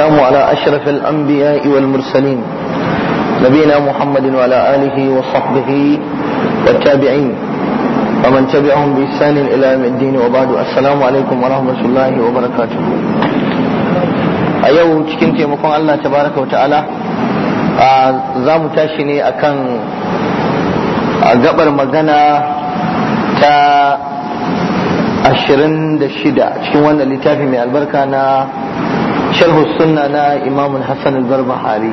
والسلام على أشرف الأنبياء والمرسلين نبينا محمد وعلى آله وصحبه والتابعين ومن تبعهم بإحسان إلى يوم الدين وبعد السلام عليكم ورحمة الله وبركاته أيوه cikin taimakon Allah tabaraka wa ta'ala za mu tashi ne akan gabar magana ta ashirin da shida cikin wannan littafi mai albarka na sharhu sunna na imamun hassan al-barbahari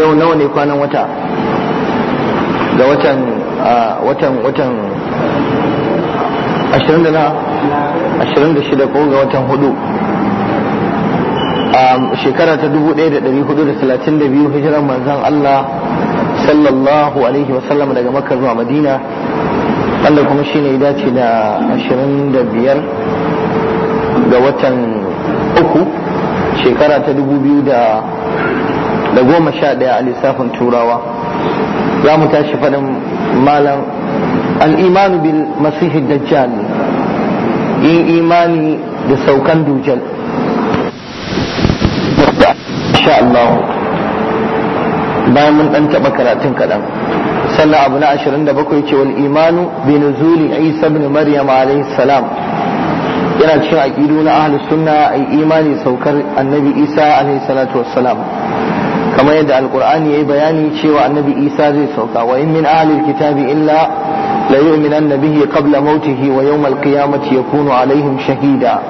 yau nawa ne kwanan wata ga watan watan watan 26 ko ga watan hudu shekara ta 1432 hijiran manzan Allah sallallahu alaihi wasallam daga makar zuwa madina wanda kuma shine ya dace da 25 ga watan uku shekara ta dubu biyu da goma sha ɗaya a lissafin turawa za mu tashi faɗin malam al'imanu bil masihi dajjal yin imani da saukan dujal insha Allah bayan mun ɗan taɓa karatun kaɗan sannan abu na 27 ce wal imanu bi nuzuli isa ibn maryam alaihi salam yana cin aqidu na ahlus sunna a imani saukar annabi isa alaihi salatu wassalam kamar yadda alqur'ani yayi bayani cewa annabi isa zai sauka wa in min ahlil kitabi illa la yu'minanna bihi qabla mautihi wa yawm alqiyamati yakunu alaihim shahida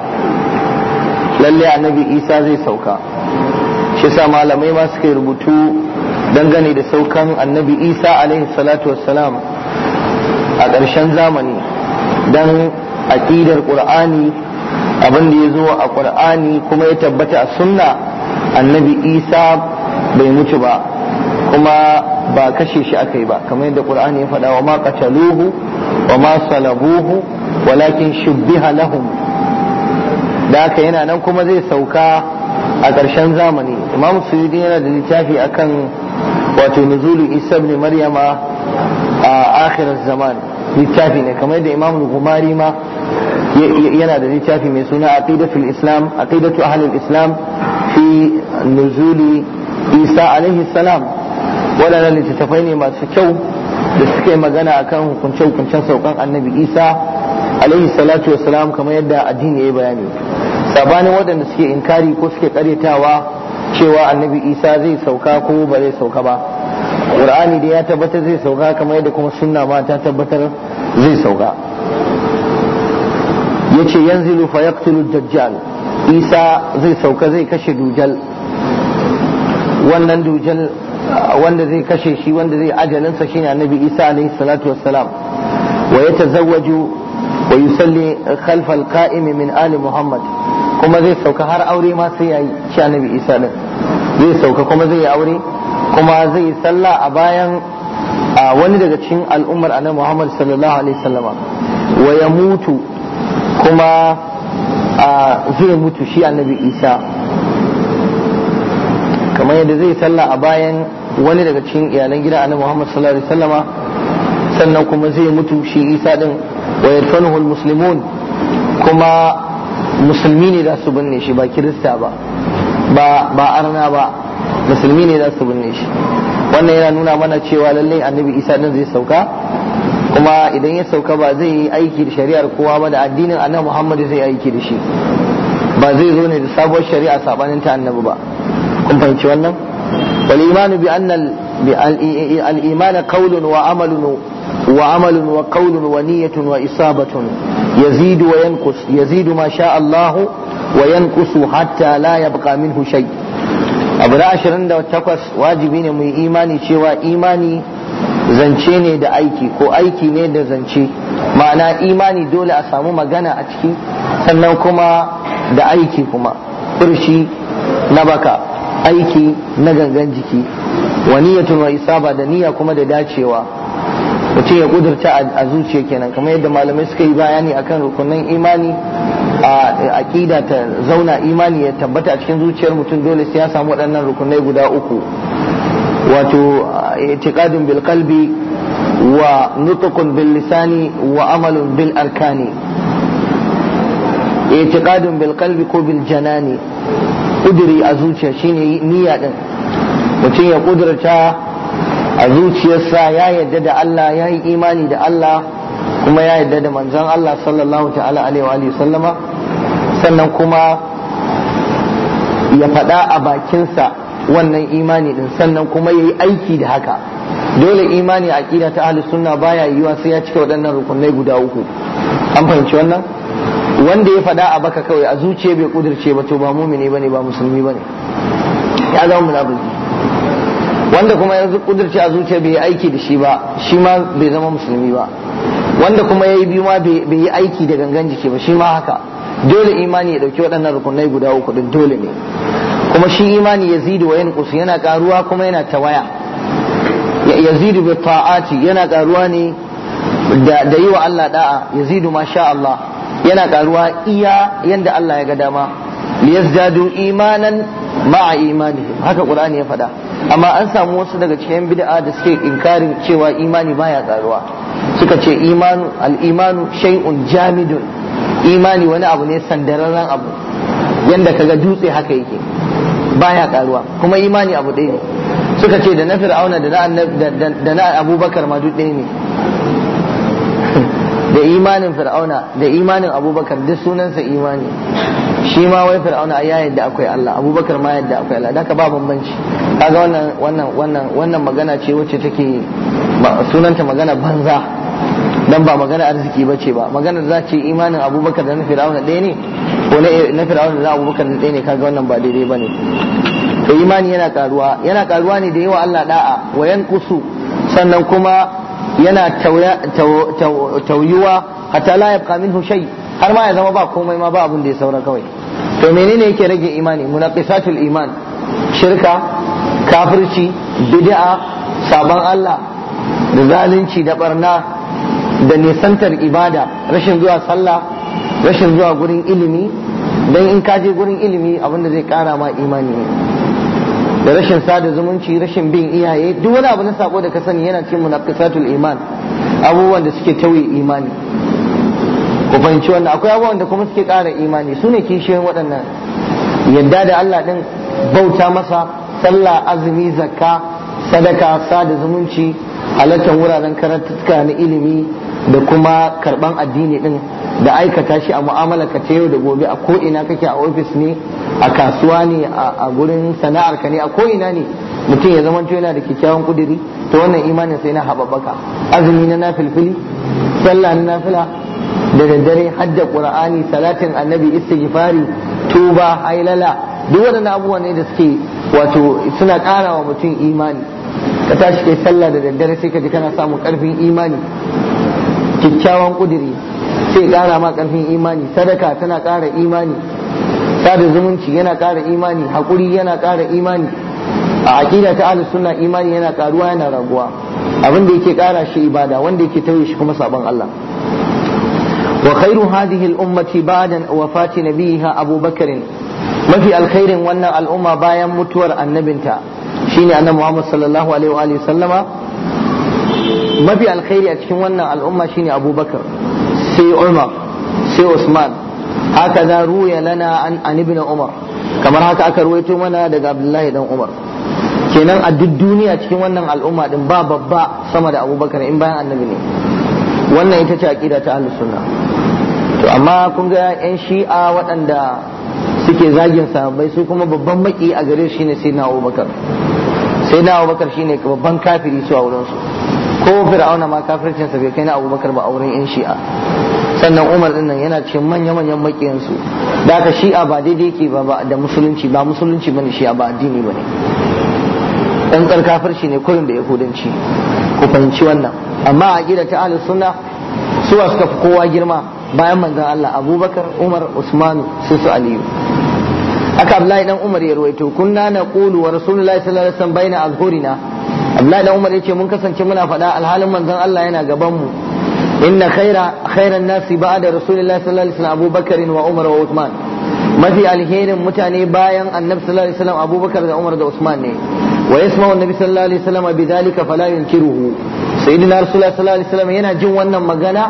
lalle annabi isa zai sauka shi sa malamai ma suka rubutu dangane da saukan annabi isa alaihi salatu wassalam a ƙarshen zamani dan aqidar qur'ani abin da ya zo a qur'ani kuma ya tabbata a sunna annabi isa bai mutu ba kuma ba kashe shi aka yi ba kamar yadda qur'ani ya faɗa wa ma qataluhu wa ma salabuhu walakin shubbiha lahum da haka yana nan kuma zai sauka a ƙarshen zamani imam suyudi yana da littafi akan wato nuzulu isa ibn maryama a akhirar zamani littafi ne kamar yadda imamul gumari ma yana da littafi mai suna aqidatul islam aqidatu ahlul islam fi nuzuli isa alaihi salam wadannan littattafai ne masu kyau da suka yi magana akan hukunce-hukuncen saukan annabi isa alaihi salatu wassalam kamar yadda addini ya bayani sabanin waɗanda suke inkari ko suke karyatawa cewa annabi isa zai sauka ko ba zai sauka ba qur'ani da ya tabbatar zai sauka kamar yadda kuma sunna ma ta tabbatar zai sauka yace yanzu fa yaqtulu dajjal isa zai sauka zai kashe dujal wannan dujal wanda zai kashe shi wanda zai ajalinsa shi na annabi isa alaihi salatu wassalam wa yatazawwaju wa yusalli khalfa alqa'imi min ali muhammad kuma zai sauka har aure ma sai yayi shi annabi isa din zai sauka kuma zai yi aure kuma zai sallah a bayan wani daga cikin al'ummar annabi Muhammad sallallahu alaihi wasallama wa ya mutu kuma zai mutu shi annabi Isa kamar yadda zai sallah a bayan wani daga cikin iyalan gida annabi Muhammad sallallahu alaihi wasallama sannan kuma zai mutu shi Isa din wa yadfanuhu muslimun kuma musulmi ne da su binne shi ba kirista ba ba arna ba musulmi ne za su binne shi wannan yana nuna mana cewa lallai annabi isa din zai sauka kuma idan ya sauka ba zai yi aiki da shari'ar kowa ba da addinin annabi muhammad zai aiki da shi ba zai zo ne da sabuwar shari'a sabanin ta annabi ba kun fahimci wannan wal imanu bi annal al iman qawlun wa amalun wa amalun wa qawlun wa niyyatun wa isabatun yazidu wa yanqus yazidu ma sha Allah wa yanqusu hatta la yabqa minhu shay' abu na ashirin da takwas wajibi ne mai imani cewa imani zance ne da aiki ko aiki ne da zance ma'ana imani dole a samu magana a ciki sannan kuma da aiki kuma furshi na baka aiki na gangan jiki wa niyyatun wa isaba da niyya kuma da dacewa mutum ya kudurta a zuciya kenan kamar yadda malamai suka yi bayani akan rukunin imani aqida ta zauna imani ya tabbata a cikin zuciyar mutum dole sai ya samu waɗannan rukunai guda uku wato eh, i'tiqadun bil qalbi wa nutqun bil lisani wa amalun bil arkani i'tiqadun bil qalbi ko bil janani kudiri a zuciya shine niyya din mutum ya kudurta a zuciyarsa ya yarda da Allah ya yi imani da Allah kuma ya yarda da manzon Allah sallallahu ta'ala alaihi wa sallama sannan kuma ya faɗa a bakinsa wannan imani din sannan kuma ya yi aiki da haka dole imani a ƙida ta ahli sunna baya yiwa sai ya cika waɗannan rukunai guda uku an fahimci wannan wanda ya faɗa a baka kawai a zuciya bai kudirce ba to ba mumini bane ba musulmi bane ya zama munafiki wanda kuma yanzu kudirce a zuciya bai yi aiki da shi ba shi ma bai zama musulmi ba wanda kuma ya yi biyu ma bai yi aiki da gangan jiki ba shi ma haka dole imani ya dauki waɗannan rukunai guda uku din dole ne kuma shi imani yazidu wa yanqus yana karuwa kuma yana tawaya yazidu bi ta'ati yana karuwa ne da yi wa Allah da'a yazidu ma sha Allah yana karuwa iya yanda Allah ya ga dama liyazdadu imanan ma'a imani haka qur'ani ya faɗa amma an samu wasu daga cikin bid'a da suke inkarin cewa imani baya karuwa suka ce imanu al-imanu shay'un jamidun imani wani abu ne sandararren abu ka kaga dutse haka yake baya karuwa kuma imani abu ɗaya ne suka ce da na fir'auna da na abubakar ma duk ne da imanin fir'auna da imanin abubakar duk sunansa imani shi ma wai fir'auna ya yadda akwai Allah abubakar ma yadda akwai Allah daga ba bambanci kaga wannan wannan wannan wannan magana ce wacce take sunanta magana banza dan ba magana arziki bace ba magana za ce imanin abubakar da na fir'auna ɗaya ne ko na fir'auna da abubakar ɗaya ne kaga wannan ba daidai bane to imani yana karuwa yana karuwa ne da yawa Allah da'a wayan kusu sannan kuma yana tauyuwa hatta la yabqa minhu shay har ma ya zama ba komai ma ba abin da ya saura kawai to menene yake rage imani munaqisatul iman shirka kafirci bid'a saban Allah da zalunci da barna da nisantar ibada rashin zuwa sallah rashin zuwa gurin ilimi don in kaje gurin ilimi abinda zai kara ma imani da rashin sada zumunci rashin bin iyaye duk wani abu na sako da ka sani yana cikin munafiqatul iman abubuwan da suke tauye imani ku fahimci wannan akwai abubuwan da kuma suke kara imani su ne kishiyoyin waɗannan yadda da Allah ɗin bauta masa sallah azumi zaka sadaka sada zumunci halartar wuraren karantuka na ilimi da kuma karban addini din da aikata shi a mu'amala ka yau da gobe a ko'ina kake a ofis ne a kasuwa ne a gurin sana'ar ka ne a ko'ina ne mutum ya zama yana da kyakkyawan kuduri ta wannan imanin sai na haɓaɓaka azumi na nafilfili sallah na nafila da daddare hadda qur'ani salatin annabi istighfari tuba hailala duk waɗannan abubuwa ne da suke wato suna ƙara wa mutum imani ka tashi kai sallah da daddare sai ka ji kana samun karfin imani kyakkyawan kudiri sai kara ma karfin imani sadaka tana kara imani sada zumunci yana kara imani hakuri yana kara imani a aqida ta ahlus sunna imani yana karuwa yana raguwa abin da yake kara shi ibada wanda yake tauye shi kuma sabon Allah wa khairu hadhihi al-ummati ba'da wafati nabiha Abu mafi alkhairin wannan al'umma bayan mutuwar annabinta shine annan Muhammad sallallahu alaihi wa alihi sallama mafi alkhairi a cikin wannan al'umma shine Abubakar sai Umar sai Usman haka za ruya lana an an ibn Umar kamar haka aka ruwaito mana daga Abdullahi dan Umar kenan a duk duniya cikin wannan al'umma din ba babba sama da Abubakar in bayan annabi ne wannan ita ce a aqida ta ahlus sunna to amma kun ga yan shi'a waɗanda suke zagin sahabbai su kuma babban maki a gare shi ne sai na abubakar sai shi ne babban kafiri su a wurinsu ko fir'auna ma kafircinsa bai kai na abubakar ba a wurin yan shi'a sannan umar din nan yana cikin manya-manyan makiyansu da aka shi'a ba daidai ke ba da musulunci ba musulunci bane shi'a ba addini bane dan tsar kafirci ne kurin da yahudanci ku fahimci wannan amma a gida ta ahlus sunna suwa suka fi kowa girma bayan manzon Allah Abubakar Umar Usmanu su su Aliyu aka abdullahi dan umar ya ruwaito kunna naqulu wa rasulullahi sallallahu alaihi wasallam baina azhurina abdullahi dan umar yace mun kasance muna faɗa alhalin manzon Allah yana gaban mu inna khaira khairan nasi ba'da rasulillahi sallallahu alaihi wasallam abubakar wa umar wa usman mafi alherin mutane bayan annabi sallallahu alaihi wasallam abubakar da umar da usman ne yana jin wannan magana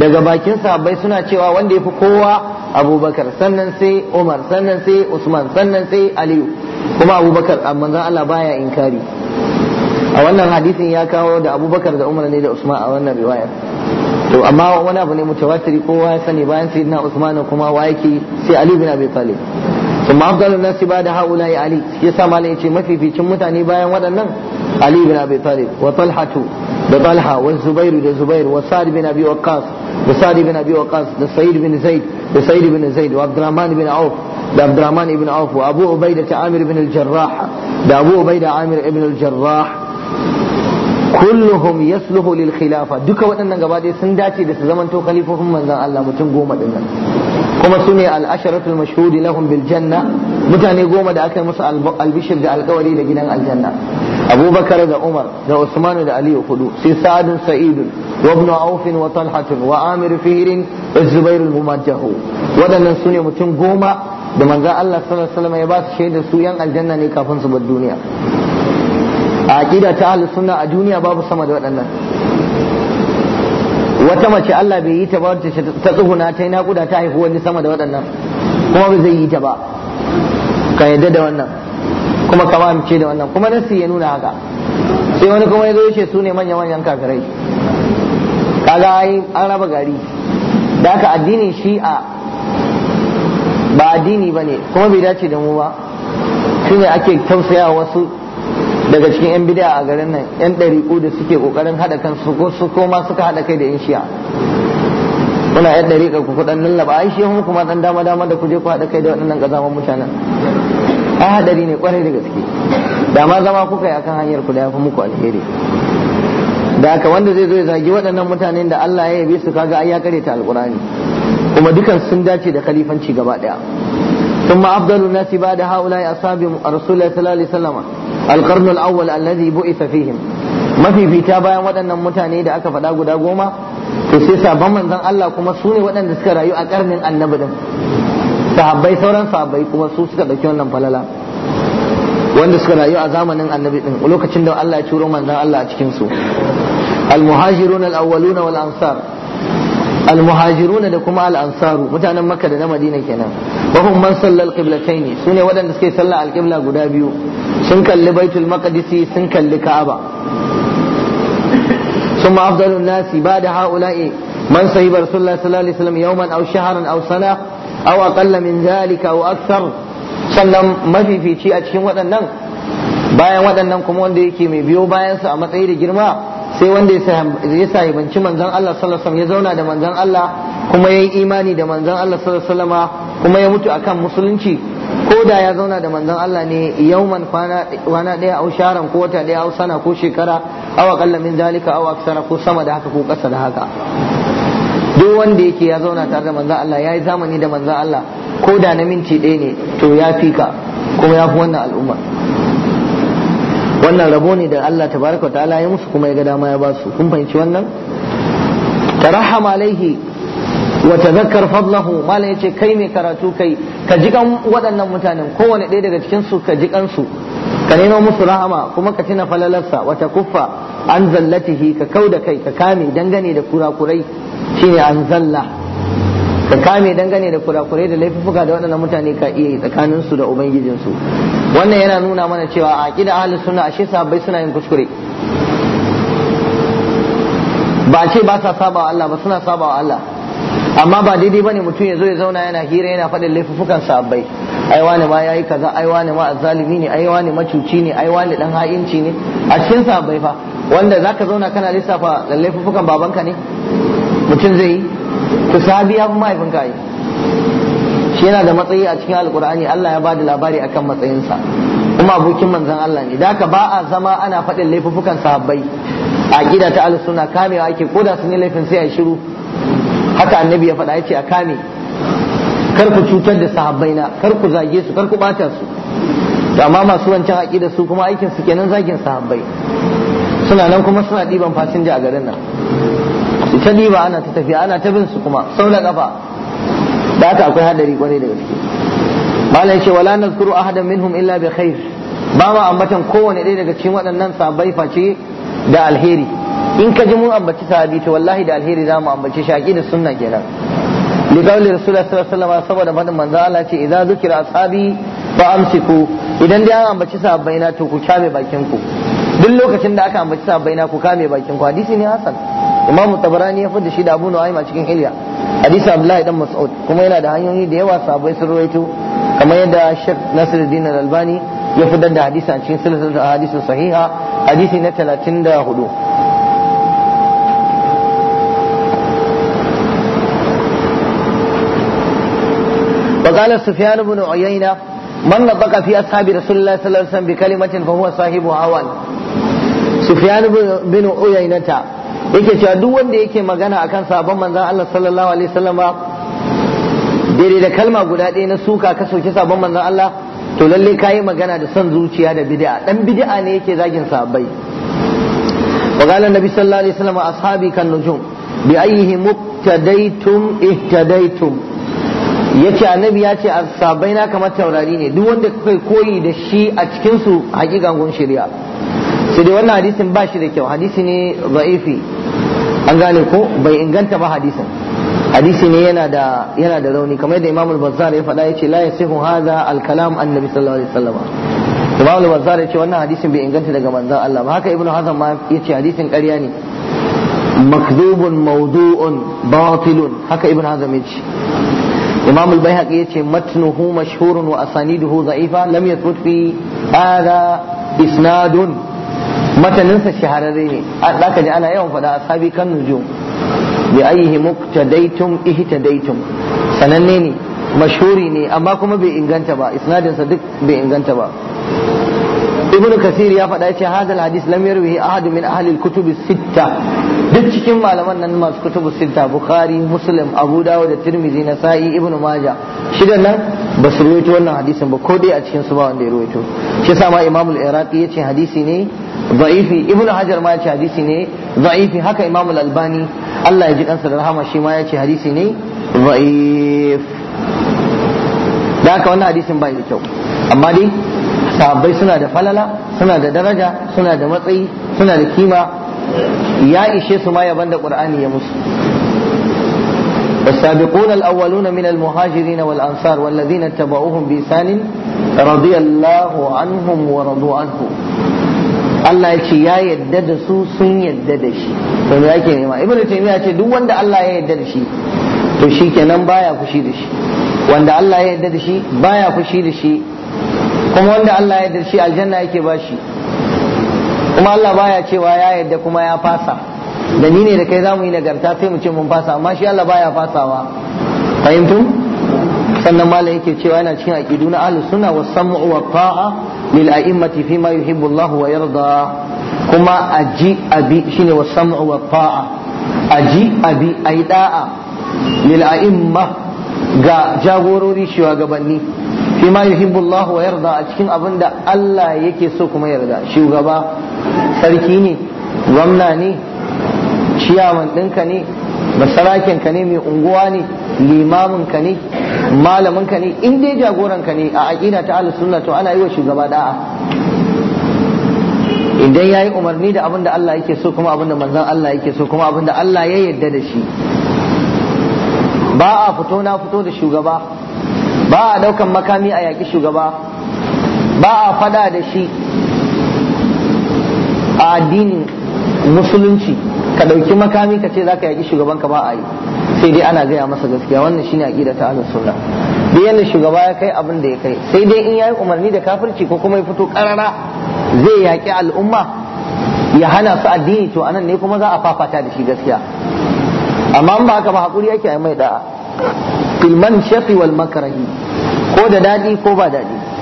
daga bakin sahabbai suna cewa wanda yafi kowa abubakar sannan sai umar sannan sai usman sannan sai aliyu kuma abubakar amma zan Allah baya inkari a wannan hadisin ya kawo da abubakar da umar ne da usman a wannan riwayar to amma wani abu ne mutawatiri kowa ya sani bayan na usman kuma wa yake sai ali bin abi talib kuma afdalun nasi ba da haula ya ali yasa malam yace mafificin mutane bayan waɗannan علي بن أبي طالب وطلحة بطلحة والزبير بزبير وسعد بن أبي وقاص وسعد بن أبي وقاص سعيد بن زيد سعيد بن زيد وعبد الرحمن بن عوف عبد الرحمن بن عوف وأبو عبيدة عامر بن الجراح أبو عبيدة عامر بن الجراح kulluhum yasluhu lil khilafa duka waɗannan gaba dai sun dace da su zamanto khalifofin manzon Allah mutum goma din nan kuma su ne al'asharatul mashhudi lahum bil janna mutane goma da aka yi musu albishir da alkawari da gidan aljanna abubakar da umar da usman da aliyu hudu sai sa'adun sa'idun wa ibn auf wa talhatun wa amir fihirin wa zubair mumajjahu waɗannan su ne mutum goma da manzo Allah sallallahu alaihi wasallam ya ba su shaidar su yan aljanna ne kafin su bar duniya a aqida ta ahlus sunna a duniya babu sama da waɗannan wata mace Allah bai yi ta ba ta ta tsuhuna ta yi naƙuda ta haifi wani sama da waɗannan kuma ba zai yi ta ba ka yadda da wannan kuma kama amince da wannan kuma nasi ya nuna haka sai wani kuma ya zo ce su ne manyan manyan kafirai kaga ai an raba gari da haka addinin shi'a ba addini ba ne kuma bai dace da mu ba shine ake tausaya wasu daga cikin 'yan bidiya a garin nan 'yan ɗariƙu da suke ƙoƙarin haɗa kansu ko su koma suka haɗa kai da 'yan shi'a kuna 'yan ɗariƙa ku kuɗan lallaba ai shi mun kuma ɗan dama dama da ku je ku haɗa kai da waɗannan ƙazaman mutanen ai haɗari ne ƙwarai da gaske da ma zama kuka yi akan hanyar ku da ya fi muku alheri da haka wanda zai zo ya zagi waɗannan mutanen da Allah ya yabe su kaga ai ya ta alƙur'ani kuma dukan sun dace da khalifanci gaba ɗaya ثم أفضل الناس بعد هؤلاء أصحاب الرسول صلى الله عليه وسلم القرن الأول الذي بعث فيهم mafi fita bayan waɗannan mutane da aka faɗa guda goma to sai sabon manzon Allah kuma su ne waɗanda suka rayu a ƙarnin annabi din sahabbai sauran sahabbai kuma su suka ɗauki wannan falala wanda suka rayu a zamanin annabi din lokacin da Allah ya ciro manzon Allah a cikin su al-muhajirun al-awwaluna wal ansar al da kuma al-ansaru mutanen Makka da na Madina kenan wa hum man sallal qiblatayn sune waɗanda suke sallah al-qibla guda biyu sun kalli baitul maqdisi sun kalli ka'aba ثم أفضل الناس بعد هؤلاء من صحب رسول الله صلى الله عليه وسلم يوما أو شهرا أو سنة أو أقل من ذلك أو أكثر sannan mafifici a cikin waɗannan bayan waɗannan kuma wanda yake mai biyo bayansa a matsayi da girma sai wanda ya sahibanci manzon Allah sallallahu ya zauna da manzon Allah kuma ya yi imani da manzon Allah sallallahu kuma ya mutu akan musulunci ko da ya zauna da manzon Allah ne yauman kwana ɗaya au sharan ko wata ɗaya au sana ko shekara awa aqalla min zalika au aksara ko sama da haka ko ƙasa da haka duk wanda yake ya zauna tare da manzon Allah yayi zamani da manzon Allah ko da na minti ɗaya ne to ya fi ka kuma ya fi wannan al'umma wannan rabo ne da Allah tabaraka ta'ala ya musu kuma ya ga dama ya ba su kun fahimci wannan tarahama alaihi wa tazakkar fadlahu malam yace kai mai karatu kai ka ji kan waɗannan mutanen kowane ɗaya daga cikin su ka ji su ka nemo musu rahama kuma ka tuna falalarsa wata kuffa an zallatihi ka kau da kai ka kame dangane da kurakurai shine an zalla ka kame dangane da kurakurai da laifuka da waɗannan mutane ka iya yi tsakanin su da ubangijin su wannan yana nuna mana cewa a aqida ahlus sunna ashe sabbai suna yin kuskure ba ce ba sa sabawa Allah ba suna sabawa Allah amma ba daidai bane mutum ya zo ya zauna yana hira yana faɗin laifukan sabbai ai wani ma yayi kaza ai wani ma azzalimi ne ai wani macuci ne ai wani dan ha'inci ne a cikin sabbai fa wanda zaka zauna kana lissafa laifukan babanka ne mutum zai yi to mu mahaifinka yi shi yana da matsayi a cikin alkur'ani Allah ya bada labari akan matsayinsa kuma abokin manzon Allah ne da ka ba a zama ana faɗin laifukan sahabbai a gida ta alusuna kamewa ake koda sun yi laifin sai a shiru haka annabi ya faɗa ya ce a kame kar ku cutar da sahabbai na kar ku zage su kar ku bata su amma masu wancan aƙida su kuma aikin su kenan zagin sahabbai suna nan kuma suna ɗiban fasinja a garin nan su ta ɗiba ana ta tafiya ana ta bin su kuma sau da ƙafa da haka akwai hadari kwarai da gaske malam ce wala nazkuru ahadan minhum illa bi khair ba ma ambatan kowane ɗaya daga cikin waɗannan sahabbai face da alheri in ka ji mun ambaci sahabi to wallahi da alheri za mu ambaci shaki da sunna kenan li qawli rasulullahi sallallahu alaihi wasallam saboda fadin manzo Allah ce idza zikira ashabi fa amsiku idan dai an ambaci sahabbai na to ku kame bakin ku duk lokacin da aka ambaci sahabbai na ku kame bakin ku hadisi ne hasan imam tabarani ya fada shi da abu nu'aym a cikin hilya hadisi abdullahi dan mas'ud kuma yana da hanyoyi da yawa sahabbai sun ruwaito kamar yadda shek nasiruddin al-albani ya fitar da hadisi a cikin silsilar hadisin sahiha hadisi na 34 وقال سفيان بن عيينة من نطق في أصحاب رسول الله صلى الله عليه وسلم بكلمة فهو صاحب هوان سفيان بن عيينة yake cewa duk wanda yake magana akan sabon manzon Allah sallallahu alaihi wasallam daidai da kalma guda ɗaya na suka ka soki sabon manzon Allah to lalle kayi magana da son zuciya da bid'a dan bid'a ne yake zagin sahabbai wa qala nabi sallallahu alaihi wasallam ashabi kan nujum bi ayyihi muqtadaytum ihtadaytum yace annabi ya ce sabai na kamar taurari ne duk wanda kai koyi da shi a cikinsu hakikan gun shirya. sai dai wannan hadisin ba shi da kyau hadisi ne za'ifi an gane ko bai inganta ba hadisin hadisi ne yana da yana da rauni kamar da imamul bazzar ya faɗa yace la yasihu hadha al kalam annabi sallallahu alaihi wasallam imam al-bazzar yace wannan hadisin bai inganta daga manzon Allah ba haka ibnu hazm ma ya ce hadisin ƙarya ne makdhubun mawdu'un batilun haka ibnu ya ce. imam al ya ce matnuhu mashhurun wa asaniduhu dha'ifa lam yathbut fi hadha isnadun mataninsa shahararre ne zaka ji ana yawan fada ashabi kan nujum bi ayyihi muqtadaitum ihtadaitum sananne ne mashhuri ne amma kuma bai inganta ba isnadinsa duk bai inganta ba ibn kasir ya faɗa yace hadal hadisi lam yarwihi ahad min ahli kutubi kutub sitta duk cikin malaman nan masu kutubu sita bukhari muslim abu dawud da tirmidhi sa'i ibn maja shidan nan ba su rawaito wannan hadisin ba ko dai a cikin su ba wanda ya rawaito shi yasa ma imam al-iraqi yace hadisi ne da'ifi ibn hajar ma yace hadisi ne da'ifi haka imamul al-albani Allah ya ji kansa da rahama shi ma yace hadisi ne da'if da haka wannan hadisin bai da kyau amma dai sahabbai suna da falala suna da daraja suna da matsayi suna da kima ya ishe su ma yaban da qur'ani ya musu السابقون الأولون من المهاجرين والأنصار والذين اتبعوهم بإحسان رضي الله عنهم ورضوا عنه Allah ya ce ya yadda da su sun yadda da shi to me yake nema ibnu taymiya ce duk wanda Allah ya yadda da shi to shikenan baya fushi da shi wanda Allah ya yadda da shi baya fushi da shi kuma wanda Allah ya yadda da shi aljanna yake ba shi kuma Allah baya cewa ya yarda kuma ya fasa da ni ne da kai zamu yi nagarta sai mu ce mun fasa amma shi Allah baya fasawa fahimtu sannan malam yake cewa yana cikin aqidu na ahlus sunna was sam'u wa ta'a lil a'immati fi ma yuhibbu Allah wa yarda kuma aji abi shine was sam'u wa ta'a aji abi ai da'a lil a'imma ga jagorori shugabanni fi ma yuhibbu Allah wa yarda a cikin abin da Allah yake so kuma yarda shugaba sarki ne gwamna ne ciyaman ɗinka ne ka ne mai unguwa ne limaminka ne malaminka ne in dai jagoranka ne a aƙida ta ahlus sunna to ana yi wa shugaba da'a idan yi umarni da abin da Allah yake so kuma abin da manzan Allah yake so kuma abin da Allah ya yarda da shi ba a fito na fito da shugaba ba a daukan makami a yaƙi shugaba ba a fada da shi addinin musulunci ka ɗauki makami ka ce za ka yaƙi shugaban ka ba a yi sai dai ana gaya masa gaskiya wannan shine aqida ta ahlus sunna duk yanda shugaba ya kai abin da ya kai sai dai in yayi umarni da kafirci ko kuma ya fito karara zai yaƙi al'umma ya hana su addini to anan ne kuma za a fafata da shi gaskiya amma ba haka ba hakuri yake mai da'a filman shafi wal makrahi ko da daɗi ko ba daɗi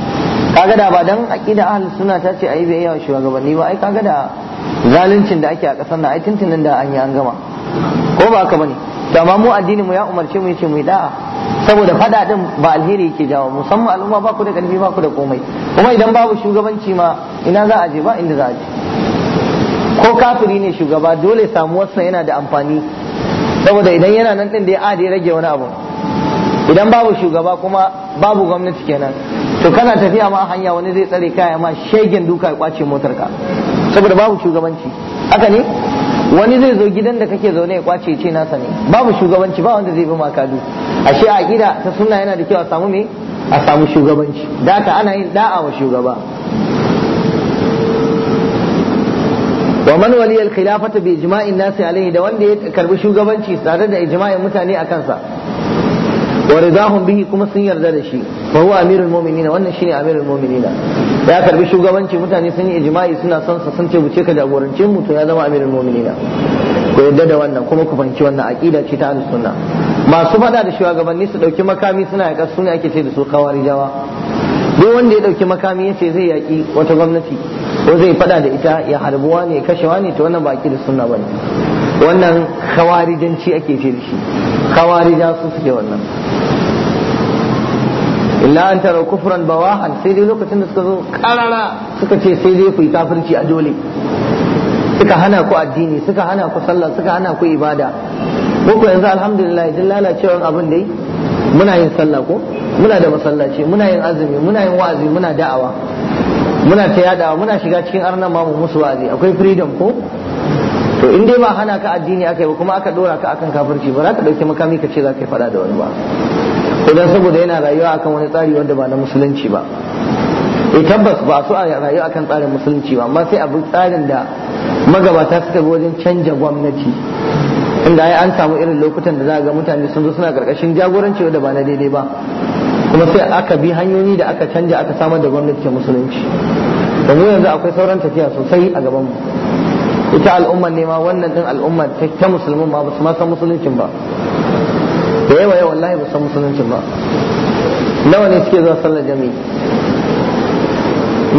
kaga da ba dan aqida ahlus sunna ta ce ayi biyayya wa shugabanni ba ai kaga da zaluncin da ake a kasar nan ai tuntunin da an yi an gama ko ba haka bane to amma mu addinin mu ya umarce mu yace mu da'a saboda fada din ba alheri yake jawo musamman al'umma ba ku da karfi ba ku da komai kuma idan babu shugabanci ma ina za a je ba inda za a je ko kafiri ne shugaba dole samuwarsa yana da amfani saboda idan yana nan din da ya rage wani abu idan babu shugaba kuma babu gwamnati kenan to kana tafiya ma hanya wani zai tsare kaya ma shegen duka ya kwace motar saboda babu shugabanci haka ne wani zai zo gidan da kake zaune ya kwace ce nasa ne babu shugabanci ba wanda zai bi kadu ashe a gida ta sunna yana da kyau a samu me a samu shugabanci data ana yin da'a wa shugaba wa man waliya al-khilafata bi ijma'in nasi alaihi da wanda ya karbi shugabanci tare da ijma'in mutane akan sa wa ridahum bihi kuma sun yarda da shi fa huwa amirul mu'minina wannan shine amirul mu'minina ya karbi shugabanci mutane sun yi suna son sa sun ce buce ka jagorancin mu ya zama amirul mu'minina ku yarda da wannan kuma ku fanci wannan aqida ce ta ahlus sunna masu faɗa da shugabanni su dauki makami suna yaƙa suna ake ce da su kawarijawa duk wanda ya dauki makami ya ce zai yaki wata gwamnati ko zai fada da ita ya harbuwa ne kashewa ne ta wannan ba aqida sunna bane wannan khawarijanci ake ce shi khawarija su suke wannan illa an tara kufran bawahan sai dai lokacin da suka zo karara suka ce sai dai ku yi kafirci a dole suka hana ku addini suka hana ku sallah suka hana ku ibada ko yanzu alhamdulillah idan lalacewan abin dai muna yin sallah ko muna da masallaci muna yin azumi muna yin wa'azi muna da'awa muna ta yadawa muna shiga cikin arnan mamu musu wa'azi akwai freedom ko to in dai ba hana ka addini aka yi ba kuma aka dora ka akan kafirci ba za ka ɗauki makami ka ce za ka yi faɗa da wani ba idan saboda yana rayuwa akan wani tsari wanda ba na musulunci ba e tabbas ba su a rayuwa akan tsarin musulunci ba amma sai abu tsarin da magabata suka bi wajen canja gwamnati inda ai an samu irin lokutan da za ga mutane sun zo suna karkashin jagoranci da ba na daidai ba kuma sai aka bi hanyoyi da aka canja aka samar da gwamnati musulunci yanzu yanzu akwai sauran tafiya sosai a gaban mu ita al'ummar ne ma wannan din al'ummar ta musulmin ma ba su ma san musuluncin ba da yawa yawa wallahi ba san musuluncin ba nawa ne suke zuwa sallar jami'i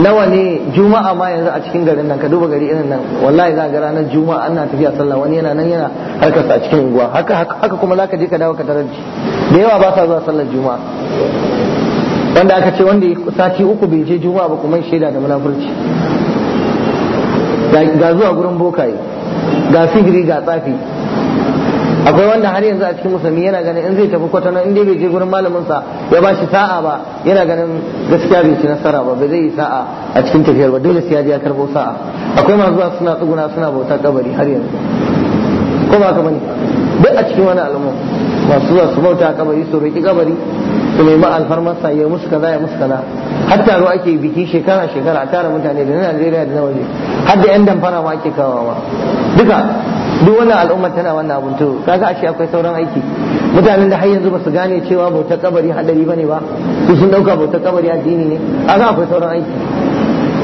nawa ne juma'a ma yanzu a cikin garin nan ka duba gari irin nan wallahi za ga ranar juma'a ana tafiya sallah wani yana nan yana harkarsa a cikin unguwa haka haka kuma zaka je ka dawo ka tarar da yawa ba sa zuwa sallar juma'a wanda aka ce wanda sati uku bai je juma'a ba kuma shaida da munafurci ga zuwa gurin bokaye ga sigiri ga tsafi akwai wanda har yanzu a cikin musulmi yana ganin in zai tafi kwatano in dai bai je gurin malaminsa ya ba shi sa'a ba yana ganin gaskiya bai ci nasara ba bai zai yi sa'a a cikin tafiyar ba dole sai ya je ya karbo sa'a akwai masu zuwa suna tsuguna suna bauta kabari har yanzu ko ba ka bane duk a cikin wani al'umma masu zuwa su bauta kabari su roƙi kabari su nemi alfarmarsa ya musu kaza ya musu kaza har taro ake biki shekara shekara a tara mutane da na Najeriya da na waje har da yan damfara ma ake kawawa duka duk wannan al'ummar tana wannan abun to kaga ashe akwai sauran aiki mutanen da har yanzu ba su gane cewa bautar kabari hadari ne ba su sun dauka bautar kabari addini ne kaga akwai sauran aiki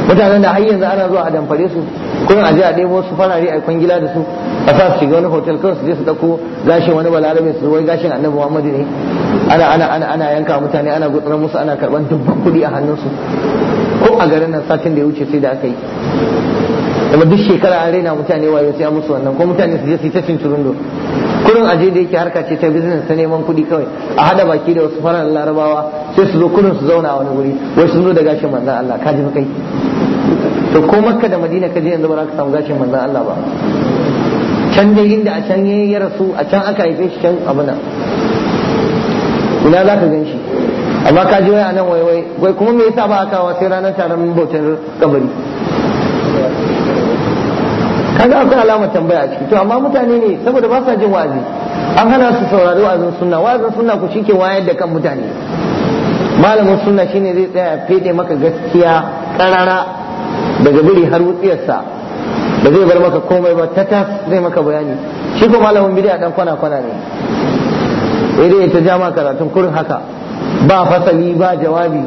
mutanen da har yanzu ana zuwa a damfare su kuma a je a ɗebo su farare a kwangila da su a sa su shiga wani hotel kawai su je su dauko gashin wani balarabe su wai gashin annabi muhammadu ne ana ana ana ana yanka mutane ana gutsura musu ana karban dubban kuɗi a hannunsu ko a garin nan satin da ya wuce sai da aka yi amma duk shekara an raina mutane wayo sai musu wannan ko mutane su je su yi ta cincirundo kurin aje da yake harka ce ta business ta neman kuɗi kawai a hada baki da wasu farar larabawa sai su zo kurin su zauna a wani guri wai sun zo da gashin manzan Allah ka ji kai to ko makka da madina ka je yanzu ba za ka samu gashin manzan Allah ba can da inda a can ya rasu a can aka haife shi can abuna ina za ka gan shi amma ka ji wai a nan wai wai kuma me yasa ba a kawo sai ranar taron bautar kabari ga akwai alamar tambaya a ciki to amma mutane ne saboda ba sa jin wa'azi an hana su saurari wa'azin suna wa'azin suna ku ke wayar da kan mutane malamin sunna shine zai tsaya fede maka gaskiya karara daga biri har wutsiyarsa ba zai bar maka komai ba ta tas zai maka bayani shi ko malamin bidiya dan kwana kwana ne idan ta jama karatun kurin haka ba fasali ba jawabi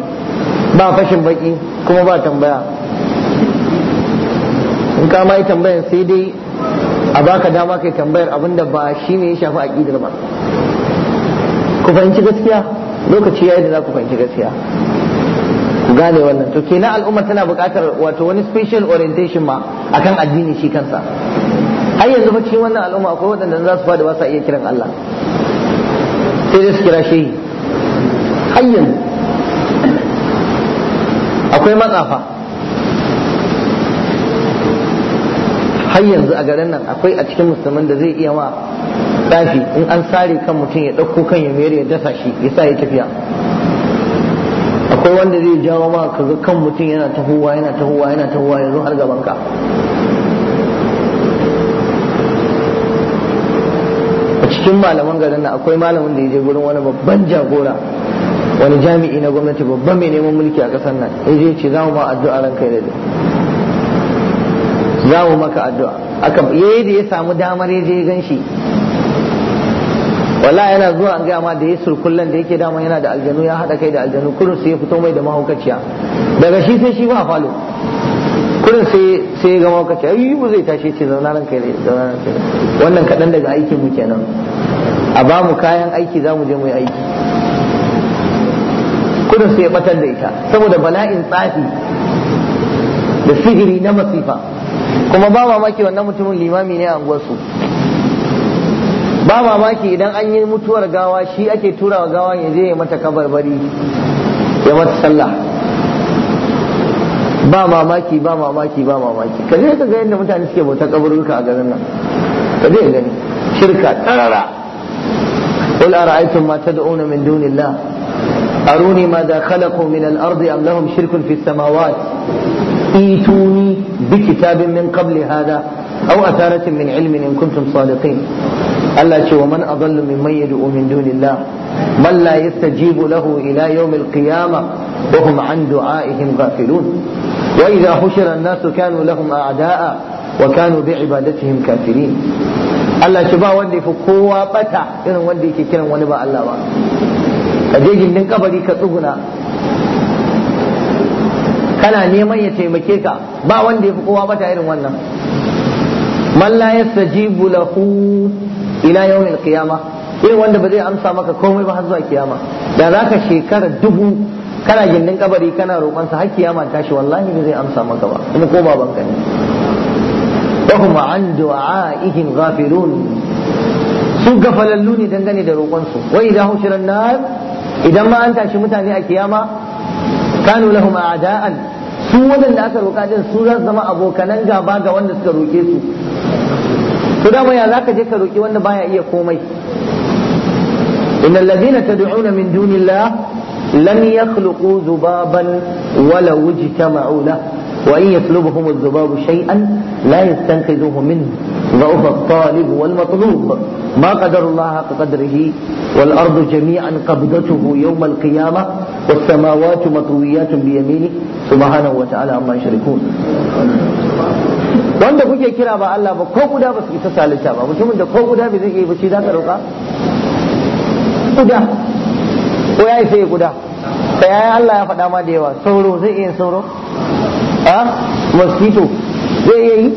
ba fashin baki kuma ba tambaya in ka mai tambayar sai dai a baka dama kai tambayar abinda ba shine ya shafi aqidar ba ku fahimci gaskiya lokaci yayi da za ku fahimci gaskiya ku gane wannan to kenan al'umma tana buƙatar wato wani special orientation ma akan addini shi kansa har yanzu ba cikin wannan al'umma akwai waɗanda za su fada ba sa iya kiran Allah sai dai su kira shehi har yanzu akwai matsafa har yanzu a garin nan akwai a cikin musulman da zai iya ma dafi in an sare kan mutum ya ɗauko kan ya mayar ya dasa shi ya sa ya tafiya akwai wanda zai jawo ma ka ga kan mutum yana tahowa yana tahowa yana tahowa huwa yanzu har gaban ka a cikin malaman garin nan akwai malamin da ya je gurin wani babban jagora wani jami'i na gwamnati babban mai neman mulki a ƙasar nan ya je ce za mu ma addu'a ran kai da za mu maka addu'a aka yayi da ya samu damar ya je gan shi wallahi yana zuwa an gaya ma da ya surkullan da yake dama yana da aljanu ya haɗa kai da aljanu kurin sai ya fito mai da mahaukaciya daga shi sai shi ba falo kurin sai ya ga mahaukaciya yi ba zai tashi ce zauna ran kai zauna ran kai wannan kaɗan daga aikin mu kenan a ba mu kayan aiki za mu je mu yi aiki kurin sai ya batar da ita saboda bala'in tsafi da sihiri na masifa kuma ba mamaki wannan mutumin limami ne a unguwarsu ba mamaki idan an yi mutuwar gawa shi ake turawa wa gawan ya je ya mata kabarbari ya mata sallah ba mamaki ba mamaki ba mamaki ka je ka ga yadda mutane suke bauta kabarurka a garin nan ka je gani shirka tarara qul ara'aytum ma tad'una min dunillah aruni madha khalaqu min al-ardi am lahum shirkun fi as-samawati ituni bi kitabin min qabli hadha أو أثارة من علم إن كنتم صادقين Allah ce wa man adallu mimman yad'u min dunillah man la yastajibu lahu ila yawm al-qiyamah wa hum an du'aihim ghafilun wa idha hushira an-nasu kanu lahum a'da'a wa kanu bi'ibadatihim kafirin Allah ce ba wanda yafi kowa bata irin wanda yake kiran wani ba Allah ba ka je gindin kabari ka tsuguna kana neman ya taimake ka ba wanda yafi kowa bata irin wannan man la yastajibu lahu ila yawin kiyama irin wanda ba zai amsa maka komai ba har zuwa kiyama da zaka shekara dubu kana gindin kabari kana roƙon sa har kiyama tashi wallahi ba zai amsa maka ba kuma ko baban ka ne wa hum an du'aihim ghafilun su gafalallu ne dangane da roƙon su wa idza nar idan ma an tashi mutane a kiyama kanu lahum a'da'an su wadanda aka roƙa din su zama abokanan gaba ga wanda suka roƙe su to dama ya zaka je ka roki wanda baya iya komai innal ladina tad'una min dunillah lan yakhluqu zubaban wala wujtama'u la wa in yatlubuhum adh-dhubabu shay'an la yastanqidhuhu minhu ضعف الطالب والمطلوب ما قدر الله حق قدره والأرض جميعا قبضته يوم القيامة والسماوات مطويات بيمينه سبحانه وتعالى عما يشركون wanda kuke kira ba Allah ba ko guda ba su isa salita ba mutumin da ko guda bai zai iya ba shi za ka roƙa guda ko ya isa ya guda da yayin Allah ya faɗa ma da yawa sauro zai iya sauro a mosquito zai iya yi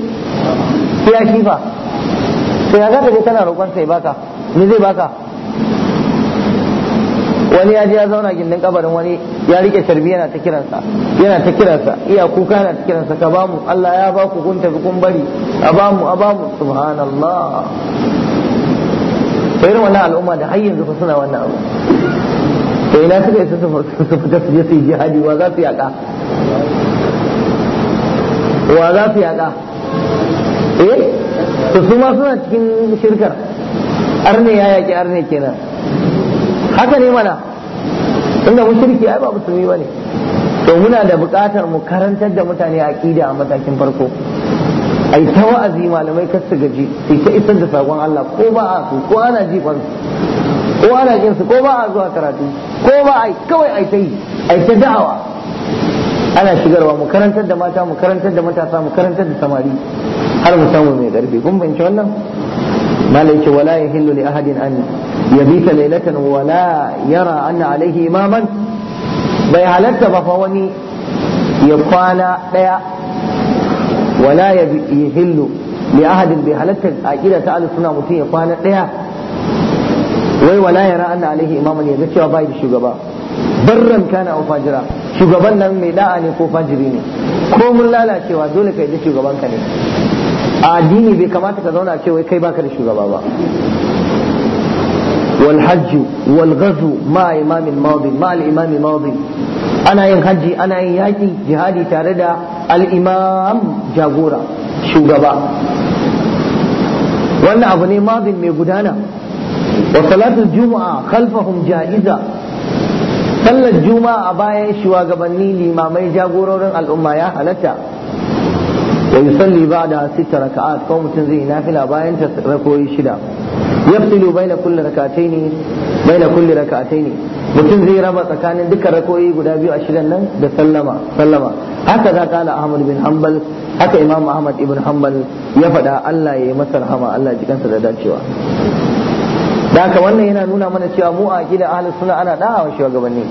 ya shifa sai ya zata je tana roƙon sai baka ni zai baka wani ya je ya zauna gindin kabarin wani ya rike tarbi yana ta kiransa yana ta kiransa iya kuka yana ta kiransa ka bamu Allah ya ba ku kun tafi kun bari a bamu a bamu subhanallah sai irin wannan al'umma da har yanzu suna wannan abu to ina suka isa su fita su je su yi jihadi wa za su yaƙa wa za su yaƙa eh to su ma suna cikin shirkar arne ya yaƙi arne kenan haka ne mana inda mushriki ai ba musulmi bane to muna da buƙatar mu karantar da mutane aqida a matakin farko ai ta wa'azi malamai kar su gaji sai ta isar da sakon Allah ko ba a su ko ana ji su ko ana jin su ko ba a zuwa karatu ko ba ai kawai ai ta yi ai ta da'awa ana shigarwa mu karantar da mata mu karantar da matasa mu karantar da samari har mu samu mai karfi kun bance wannan malai ce wala yahillu li ahadin an yabita lailatan wala yara anna alaihi imaman bai halatta ba fa wani ya kwana daya wala ya hillu li ahadin bai halatta aqida ta ahlus mutum ya kwana daya wai wala yara anna alaihi imaman yaga cewa bai da shugaba barran kana au fajira shugaban nan mai da'a ne ko fajiri ne ko mun lalacewa dole ka yi shugabanka ne a addini bai kamata ka zauna cewa kai baka da shugaba ba والحج والغزو مع إمام ماضي مع الإمام ماضي أنا ين حجي أنا ين ياجي جهادي تاردا الإمام جاغورا شو غبا وأنا أبني ماضي ميقودانا وصلاة الجمعة خلفهم جائزة sallar juma'a bayan shugabanni limamai jagororin al'umma ya halatta wa yusalli ba'da sita raka'at ko mutum zai nafila bayan ta rakoyi shida yafsilu baina kulli rak'atayn baina kulli rak'atayn mutum zai raba tsakanin dukkan rakoyi guda biyu a shigan nan da sallama sallama haka za kala ahmad bin hanbal haka imam ahmad ibn hanbal ya faɗa Allah ya yi masa rahama Allah ya ji da dacewa da haka wannan yana nuna mana cewa mu a gidan ahlus sunna ana da'awa banni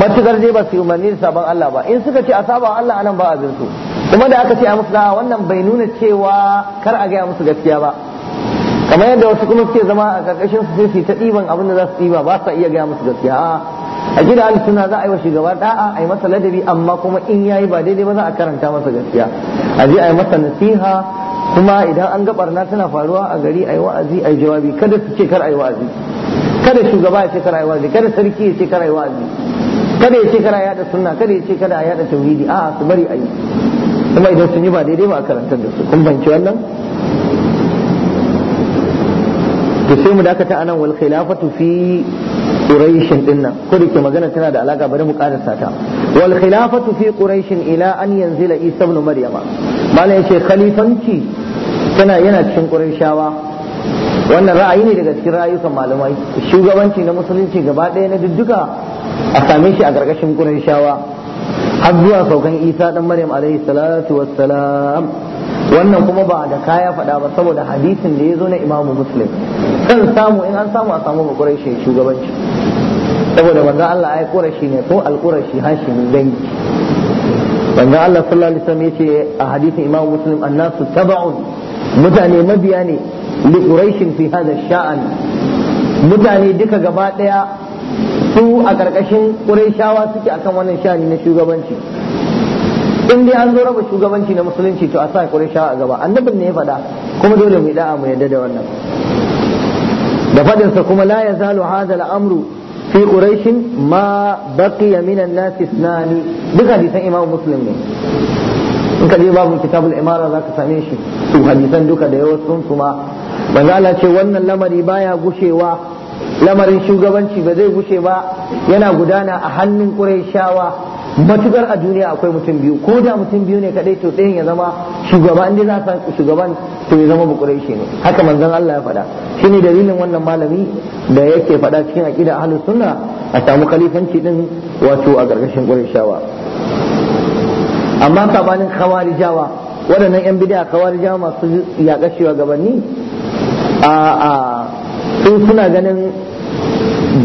matukar dai ba su umarni da sabon Allah ba in suka ce a saba Allah anan ba a zirtu kuma da aka ce a musu wannan bai nuna cewa kar a gaya musu gaskiya ba kamar yadda wasu kuma suke zama a karkashin su sai ta ɗiban abin da za su ɗiba ba sa iya gaya musu gaskiya a gida ahli suna za a yi wa shugaba da'a a yi masa ladabi amma kuma in yayi ba daidai ba za a karanta masa gaskiya a je a yi masa nasiha kuma idan an ga barna tana faruwa a gari a yi wa'azi a yi jawabi kada su ce kar a yi wa'azi kada shugaba ya ce kar a yi wa'azi kada sarki ya ce kar a yi wa'azi kada ya ce kar a yaɗa sunna kada ya ce kada a yaɗa tauhidi a'a su bari a yi kuma idan sun yi ba daidai ba a karantar da su kun banci wannan to sai mu dakata anan wal khilafatu fi quraish dinnan ko da ke magana tana da alaka bari mu karasa ta wal khilafatu fi quraish ila an yanzila isa ibn maryama malai yace khalifanci tana yana cikin quraishawa wannan ra'ayi ne daga cikin rayukan malamai shugabanci na musulunci gaba ɗaya na dudduka a same shi a gargashin quraishawa har zuwa saukan isa dan maryam alaihi salatu wassalam wannan kuma ba da kaya faɗa ba saboda hadisin da ya zo na imamu muslim kan samu in an samu a samu bakurai shi shugabanci saboda manzon Allah ai shi ne ko al-qurashi dangi manzon Allah sallallahu alaihi wasallam yace a hadisin imamu muslim annasu taba'un mutane mabiya ne li quraishin fi hadha sha'an mutane duka gaba ɗaya su a ƙarƙashin qurayshawa suke akan wannan sha'ani na shugabanci in dai an zo raba shugabanci na musulunci to a sa quraisha a gaba annabin ne ya faɗa kuma dole mu da'a mu yadda da wannan da fadin sa kuma la yazalu hadha al-amru fi quraish ma baqiya min an-nas ithnani duk hadisan imamu muslim ne in ka je babu kitabul imara zaka same shi su hadisan duka da yawa sun kuma ma ce wannan lamari baya gushewa lamarin shugabanci ba zai gushe ba yana gudana a hannun quraishawa matukar a duniya akwai mutum biyu ko da mutum biyu ne kadai to ɗayan ya zama shugaba inda za san shugaban to ya zama bukurai shi ne haka manzon Allah ya faɗa shine dalilin wannan malami da yake faɗa cikin aqida ahlus sunna a samu kalifanci din wato a gargashin qurayshawa amma sabanin khawarijawa waɗannan yan bid'a khawarijawa masu yaƙa gabanni a a sun suna ganin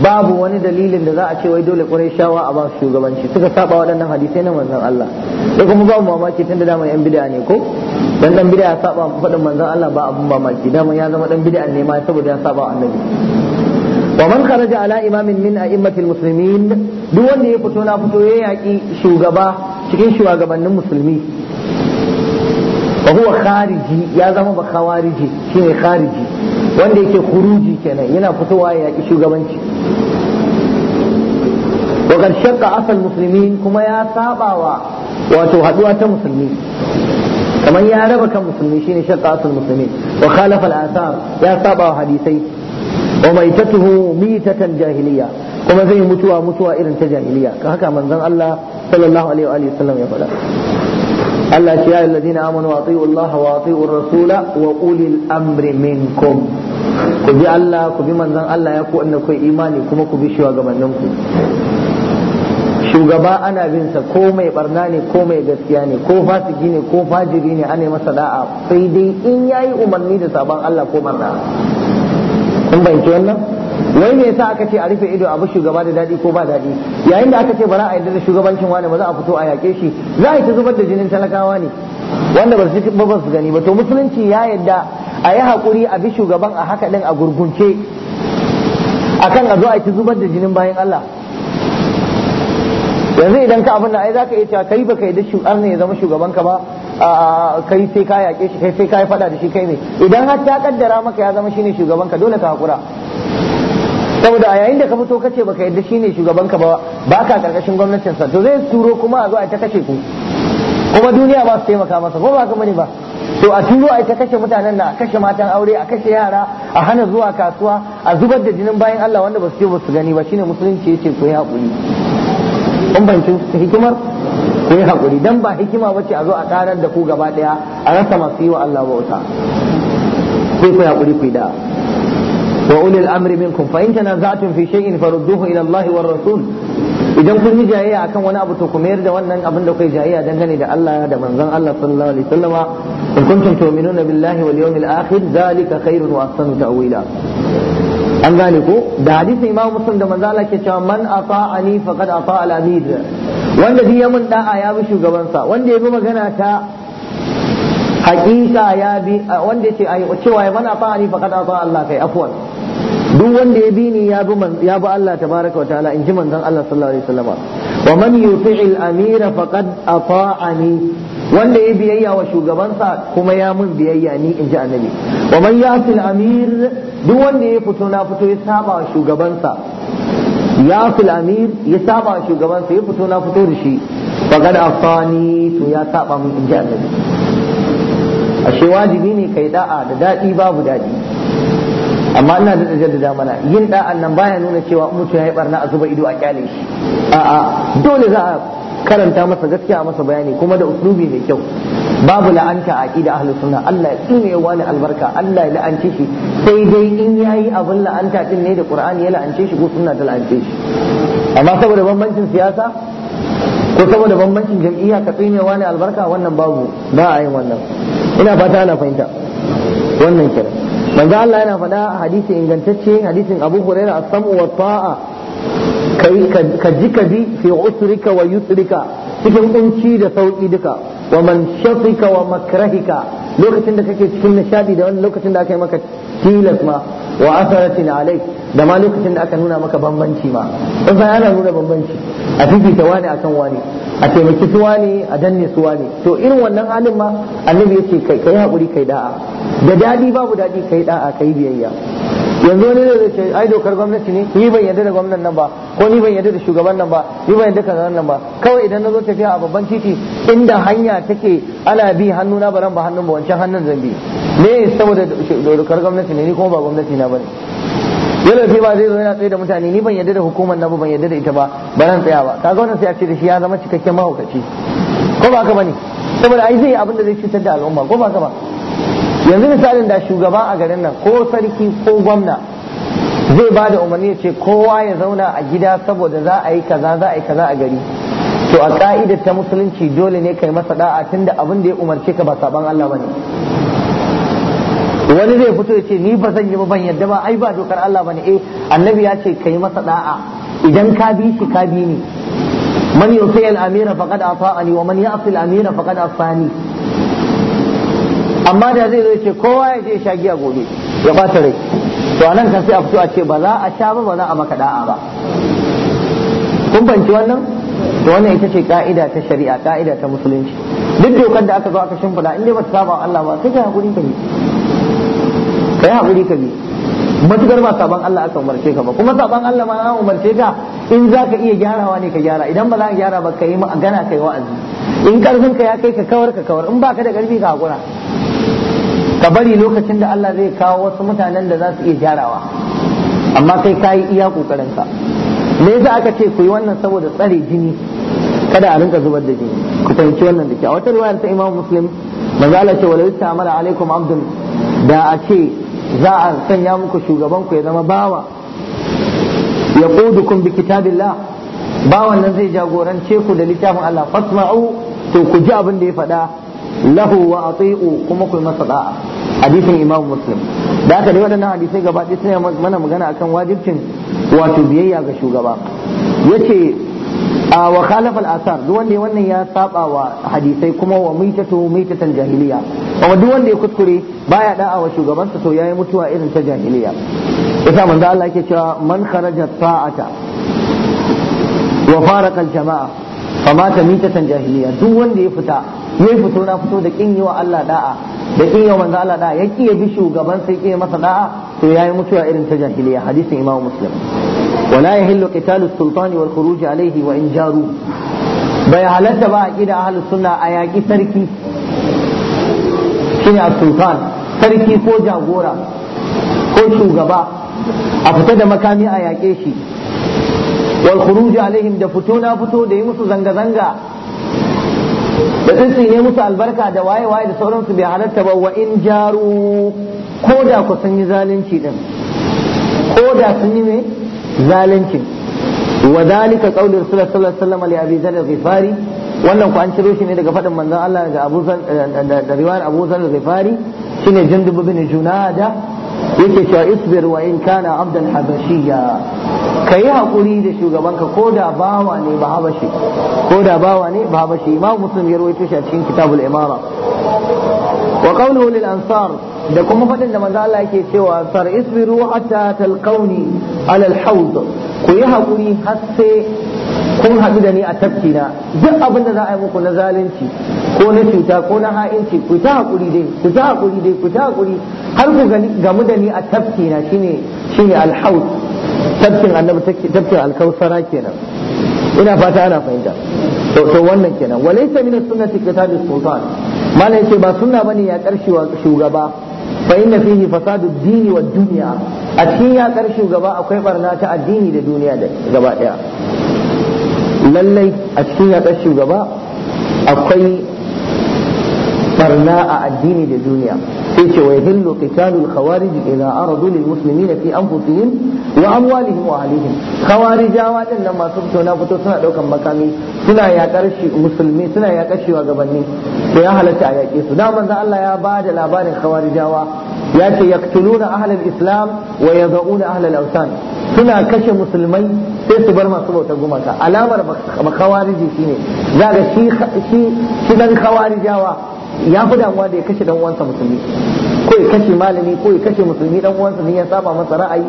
babu wani dalilin da za a ce wai dole shawa a ba su shugabanci suka saba waɗannan hadisai na manzan Allah sai kuma babu mamaki da dama yan bid'a ne ko dan dan bid'a saba faɗin manzan Allah ba abun mamaki dama ya zama dan bid'a ne ma saboda ya saba annabi wa man kharaja ala imamin min a'immatil muslimin duk wanda ya fito na fito ya yaki shugaba cikin shugabannin musulmi wa huwa khariji ya zama ba khawariji shine khariji wanda yake kuruji kenan yana fitowa ya yaki shugabanci wa qad shaqqa asal muslimin kuma ya sabawa wato haduwa ta musulmi kamar ya raba kan musulmi shine shaqqa asal muslimin wa khalafa al athar ya sabawa hadisai wa maitatuhu mitatan jahiliya kuma zai mutuwa mutuwa irin ta jahiliya haka manzon Allah sallallahu alaihi wa alihi ya faɗa Allah ce ya alladhina amanu wa ati'u Allah wa rasula wa ulil amri minkum bi Allah ku bi manzon Allah ya inda ku imani kuma ku bi shugabannin ku shugaba ana bin sa ko mai barna ne ko mai gaskiya ne ko fasiki ne ko fajiri ne ana masa da'a sai dai in yayi umarni da sabon Allah ko barna kun bayyana wannan wai me yasa aka ce a rufe ido a bi shugaba da dadi ko ba dadi yayin da aka ce bara a yarda da shugabancin wani ba za a fito a yake shi za a yi zubar da jinin talakawa ne wanda ba su ba su gani ba to musulunci ya yarda a yi hakuri a bi shugaban a haka din a gurgunce akan a zo a ci zubar da jinin bayan Allah yanzu idan ka abin da ai zaka iya cewa kai baka yi da shugaban ne ya zama shugaban ka ba kai sai ka yaƙe shi kai sai ka yi fada da shi kai ne idan har ta kaddara maka ya zama shine shugaban ka dole ka hakura saboda a yayin da ka fito kace baka yadda shine shugaban ka ba ba ka karkashin gwamnatin sa to zai turo kuma a zo a ta kashe ku kuma duniya ba su taimaka masa ko ba ka bane ba to a turo a ta kashe mutanen na a kashe matan aure a kashe yara a hana zuwa kasuwa a zubar da jinin bayan Allah wanda ba su je ba su gani ba shine musulunci yace ku yi hakuri kun fahimci hikimar ku yi hakuri dan ba hikima ba ce a zo a karar da ku gaba ɗaya a rasa masu yi wa Allah bauta sai ku hakuri ku yi da wa ulil amri kun fa in tanaza'tum fi shay'in farudduhu ila Allah war rasul idan kun yi jayayya akan wani abu to ku mayar da wannan abin da kai jayayya dangane da Allah da manzon Allah sallallahu alaihi wasallama in kuntum tu'minuna billahi wal yawmil akhir zalika khairun wa ahsanu ta'wila an gane ko da hadisin imam muslim da manzo Allah ke cewa man ata'ani faqad ata'a al-amir wanda duk ya mun da'a ya bi shugaban sa. wanda ya bi magana ta hakika ya bi wanda yace ai cewa man ata'ani faqad ata'a Allah kai afwan duk wanda ya bi ni ya bi ya bi Allah tabaraka wa ta'ala in ji manzon Allah sallallahu alaihi wasallam wa man yuti'i al-amira faqad ata'ani wanda ya biyayya wa shugabansa kuma ya mun biyayya ni in ji annabi wa man yasil amir duk wanda ya fito na fito ya saba wa shugabansa ya amir ya saba wa shugabansa ya fito na fito da shi faqad afani to ya saba mun in ji annabi ashe wajibi ne kai da'a da dadi babu dadi amma ina da jaddada mana yin da'an nan baya nuna cewa mutum ya yi barna a zuba ido a kyale shi a'a dole za a karanta masa gaskiya a masa bayani kuma da uslubi mai kyau babu la'anta a aqida ahlus sunna Allah ya tsine wani albarka Allah ya la'ance shi sai dai in yayi abin la'anta din ne da Qur'ani ya la'ance shi ko sunna ta la'ance shi amma saboda bambancin siyasa ko saboda bambancin jam'iyya ka tsine wani albarka wannan babu ba a yin wannan ina fata ana fahimta wannan kira manzo Allah yana faɗa hadisi ingantacce hadisin Abu Hurairah as-sam'u wat ta'a ka ji ka bi fi usrika wa yusrika cikin kunci da sauki duka wa man shafika wa makrahika lokacin da kake cikin nishadi da wani lokacin da aka yi maka tilas ma wa asaratin alaik da ma lokacin da aka nuna maka bambanci ma in fa yana nuna bambanci a fifita wani akan wani a taimaki su wani a danne su wani to irin wannan halin ma annabi yace kai kai hakuri kai da'a da dadi babu dadi kai da'a kai biyayya yanzu wani ne zai ce ai dokar gwamnati ne ni ban yadda da gwamnan nan ba ko ni ban yadda da shugaban nan ba ni ban yadda kaza nan ba kawai idan na zo tafiya a babban titi inda hanya take ana bi hannu na baran ba hannun ba wancan hannun zan bi ne saboda dokar gwamnati ne ni kuma ba gwamnati na bane yana sai ba zai zo yana tsaye da mutane ni ban yadda da hukumar na ba ban yadda da ita ba baran tsaya ba kaga wannan sai a ce da shi ya zama cikakken mahaukaci ko ba haka bane saboda ai zai abin da zai cutar da al'umma ko ba haka ba yanzu misalin da shugaba a garin nan ko sarki ko gwamna zai ba da umarni ya ce kowa ya zauna a gida saboda za a yi kaza za a yi kaza a gari to a ka'ida ta musulunci dole ne kai masa da'a tunda abin da ya umarce ka ba saban Allah bane wani zai fito ya ce ni ba zan yi ba ban yadda ba ai ba dokar Allah bane eh annabi ya ce kai masa da'a idan ka bi shi ka bi ni man yusi amira faqad ata'ani wa man ya'sil amira faqad asani amma da zai zai ce kowa ya je sha giya gobe ya bata rai to anan kan sai a fito a ce ba za a sha ba ba za a maka da'a ba kun banci wannan to wannan ita ce ka'ida ta shari'a ka'ida ta musulunci duk dokar da aka zo aka shimfiɗa in dai ba ta saba Allah ba sai ka hakuri ka bi kai hakuri ka bi matukar ba saban Allah aka umarce ka ba kuma saban Allah ma an umarce ka in za ka iya gyarawa ne ka gyara idan ba za ka gyara ba ka yi magana ka yi wa'azi in karfin ka ya kai ka kawar ka kawar in ba ka da karfi ka hakura ka bari lokacin da Allah zai kawo wasu mutanen da za su iya gyarawa amma kai ka yi iya kokarin ka me yasa aka ce ku yi wannan saboda tsare jini kada a rinka zubar da jini ku fahimci wannan da ke a wata riwayar ta Imam Muslim manzo Allah ce wala yustamara alaikum abdun da a ce za a sanya muku shugaban ku ya zama bawa ya qudukum bi kitabillah bawan nan zai jagorance ku da littafin Allah fasma'u to ku ji abin da ya faɗa lahu wa ati'u kuma ku masa da'a hadisin imam muslim da haka dai waɗannan hadisai gaba ɗaya suna mana magana akan wajibcin wato biyayya ga shugaba yace a wa asar duk wanda wannan ya saba wa hadisai kuma wa mitatu mitatan jahiliya amma duk wanda ya kuskure baya da'a wa shugabansa to yayi mutuwa irin ta jahiliya yasa manzo Allah yake cewa man kharaja sa'ata wa faraka al-jama'a mata mitatan jahiliya duk wanda ya fita yayi fito na fito da kin yi wa Allah da'a da kin yi wa manzo Allah da'a ya kiye bi shugaban sai kiye masa da'a to yayi mutuwa irin ta jahiliya hadisin Imam Muslim wala yahillu qitalu sultani wal khuruj alayhi wa in jaru bai halatta ba aqida ahlus sunna a yaki sarki shine a sultan sarki ko jagora ko shugaba a fita da makami a yaƙe shi wal khuruj alaihim da fito na fito da yi musu zanga zanga da tsitsi ne musu albarka da waye waye da sauransu bai halatta ba wa in jaru ko da ku sun yi zalunci din ko da sun yi zalunci wa dalika qauli rasulullahi sallallahu alaihi wasallam li abi zar al-ghifari wannan ku an ciro shi ne daga fadin manzon Allah daga Abu Zar da riwayar Abu Zar al-Ghifari shine Jundub bin Junada yake cewa isbir wa in kana abdan habashiya yi hakuri da shugabanka ko da bawa ne ba habashi ko da bawa ne ba habashi imam muslim ya rawaito shi a cikin kitabul imara wa qawluhu lil ansar da kuma fadin da manzo Allah yake cewa sar isbiru hatta talqawni ala al hawd ku yi hakuri har sai kun haɗu da ni a tafkina duk abinda za a yi muku na zalunci ko na cuta ko na ha'inci ku ta hakuri dai ku ta hakuri dai ku ta hakuri har ku gamu da ni a tafki na shine shine alhaus tafkin annabi tafkin alkausara kenan ina fata ana fahimta to to wannan kenan walaysa min sunnati qitalu sultan malai ce ba sunna bane ya karshe wa shugaba fa inna fihi fasadu dini wa dunya a cikin ya karshe shugaba akwai barna ta addini da duniya da gaba daya lallai a cikin ya karshe shugaba akwai barna a addini da duniya sai ce wa yahillu qitalul khawarij idza aradu lil muslimina fi anfusihim wa amwalihim wa ahlihim khawarijawa din nan masu fito na fito suna daukan makami suna ya shi musulmi suna ya shi wa gabanni to ya halatta a yake su da manzo Allah ya ba da labarin khawarijawa ya ce yaqtuluna ahlal islam wa yad'una ahlal awsan suna kashe musulmai sai su bar masu bautar gumaka alamar makawariji shine zaga shi shi dan khawarijawa ya fi damuwa da ya kashe dan uwansa musulmi ko ya kashe malami ko ya kashe musulmi dan uwansa ne ya saba masa ra'ayi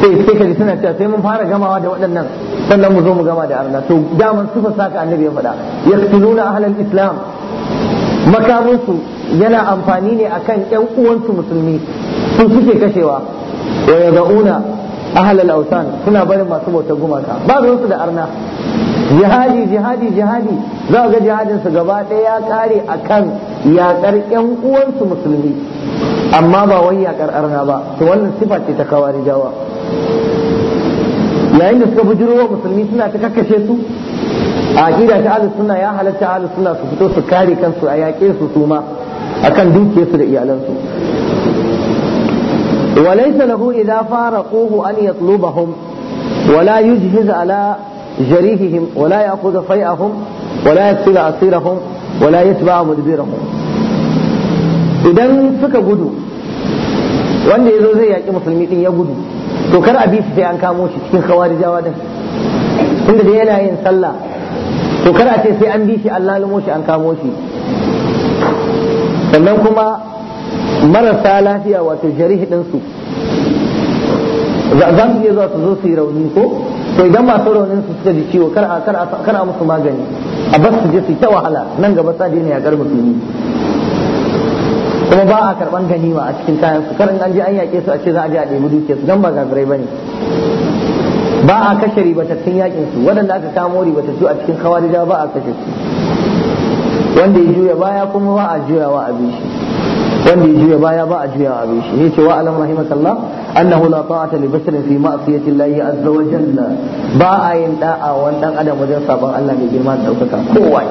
sai sai kaji suna cewa sai mun fara gamawa da waɗannan sannan mu zo mu gama da arna to daman sufa saka annabi ya faɗa yaqtuluna ahlal islam makaminsu yana amfani ne akan yan uwansu musulmi su suke kashewa wa yad'una ahlal awsan suna barin masu bautar gumaka ba su da arna jihadi jihadi jihadi za ga su gaba ɗaya ya kare akan kan yaƙar ƴan uwansu musulmi amma ba wai yakar arna ba to wannan sifa ce ta kawari jawa yayin da suka bujiro musulmi suna ta kakkashe su a aƙida ta alu suna ya halatta ahlus suna su fito su kare kansu a yaƙe su su ma akan dukiyarsu da iyalansu وليس له إذا فارقوه أن يطلبهم ولا يجهز ala. جريحهم ولا يأخذ صيئهم ولا يكسل أسيرهم ولا يتبع مدبرهم idan suka gudu wanda ya zo zai yaki musulmi ɗin ya gudu to kar a bi sai an kamo shi cikin khawarijawa din da yana yin sallah to kar a ce sai an bishi shi an shi an kamo shi sannan kuma marasa lafiya wato jarihi din su za su zuwa su zo su yi rauni ko to idan masu raunin su suka ji ciwo kar a kar a kar a musu magani a bar su je su ta wahala nan gaba sa daina yakar musulmi kuma ba a karban ganima a cikin kayan su in an je an yake su a ce za a je a ɗebi duke su dan ba gazirai bane ba a kashe ribatattun yakin su waɗanda aka kamo ribatattu a cikin kawarija ba a kashe su wanda ya juya baya kuma ba a juyawa a bishi wanda ya juya baya ba a juyawa a bishi ne ce wa alam rahimakallah annahu la ta'ata li basharin fi ma'siyati Allah azza wa jalla ba a yin da'a wan dan adam wajen sabon Allah mai girma da daukaka kowa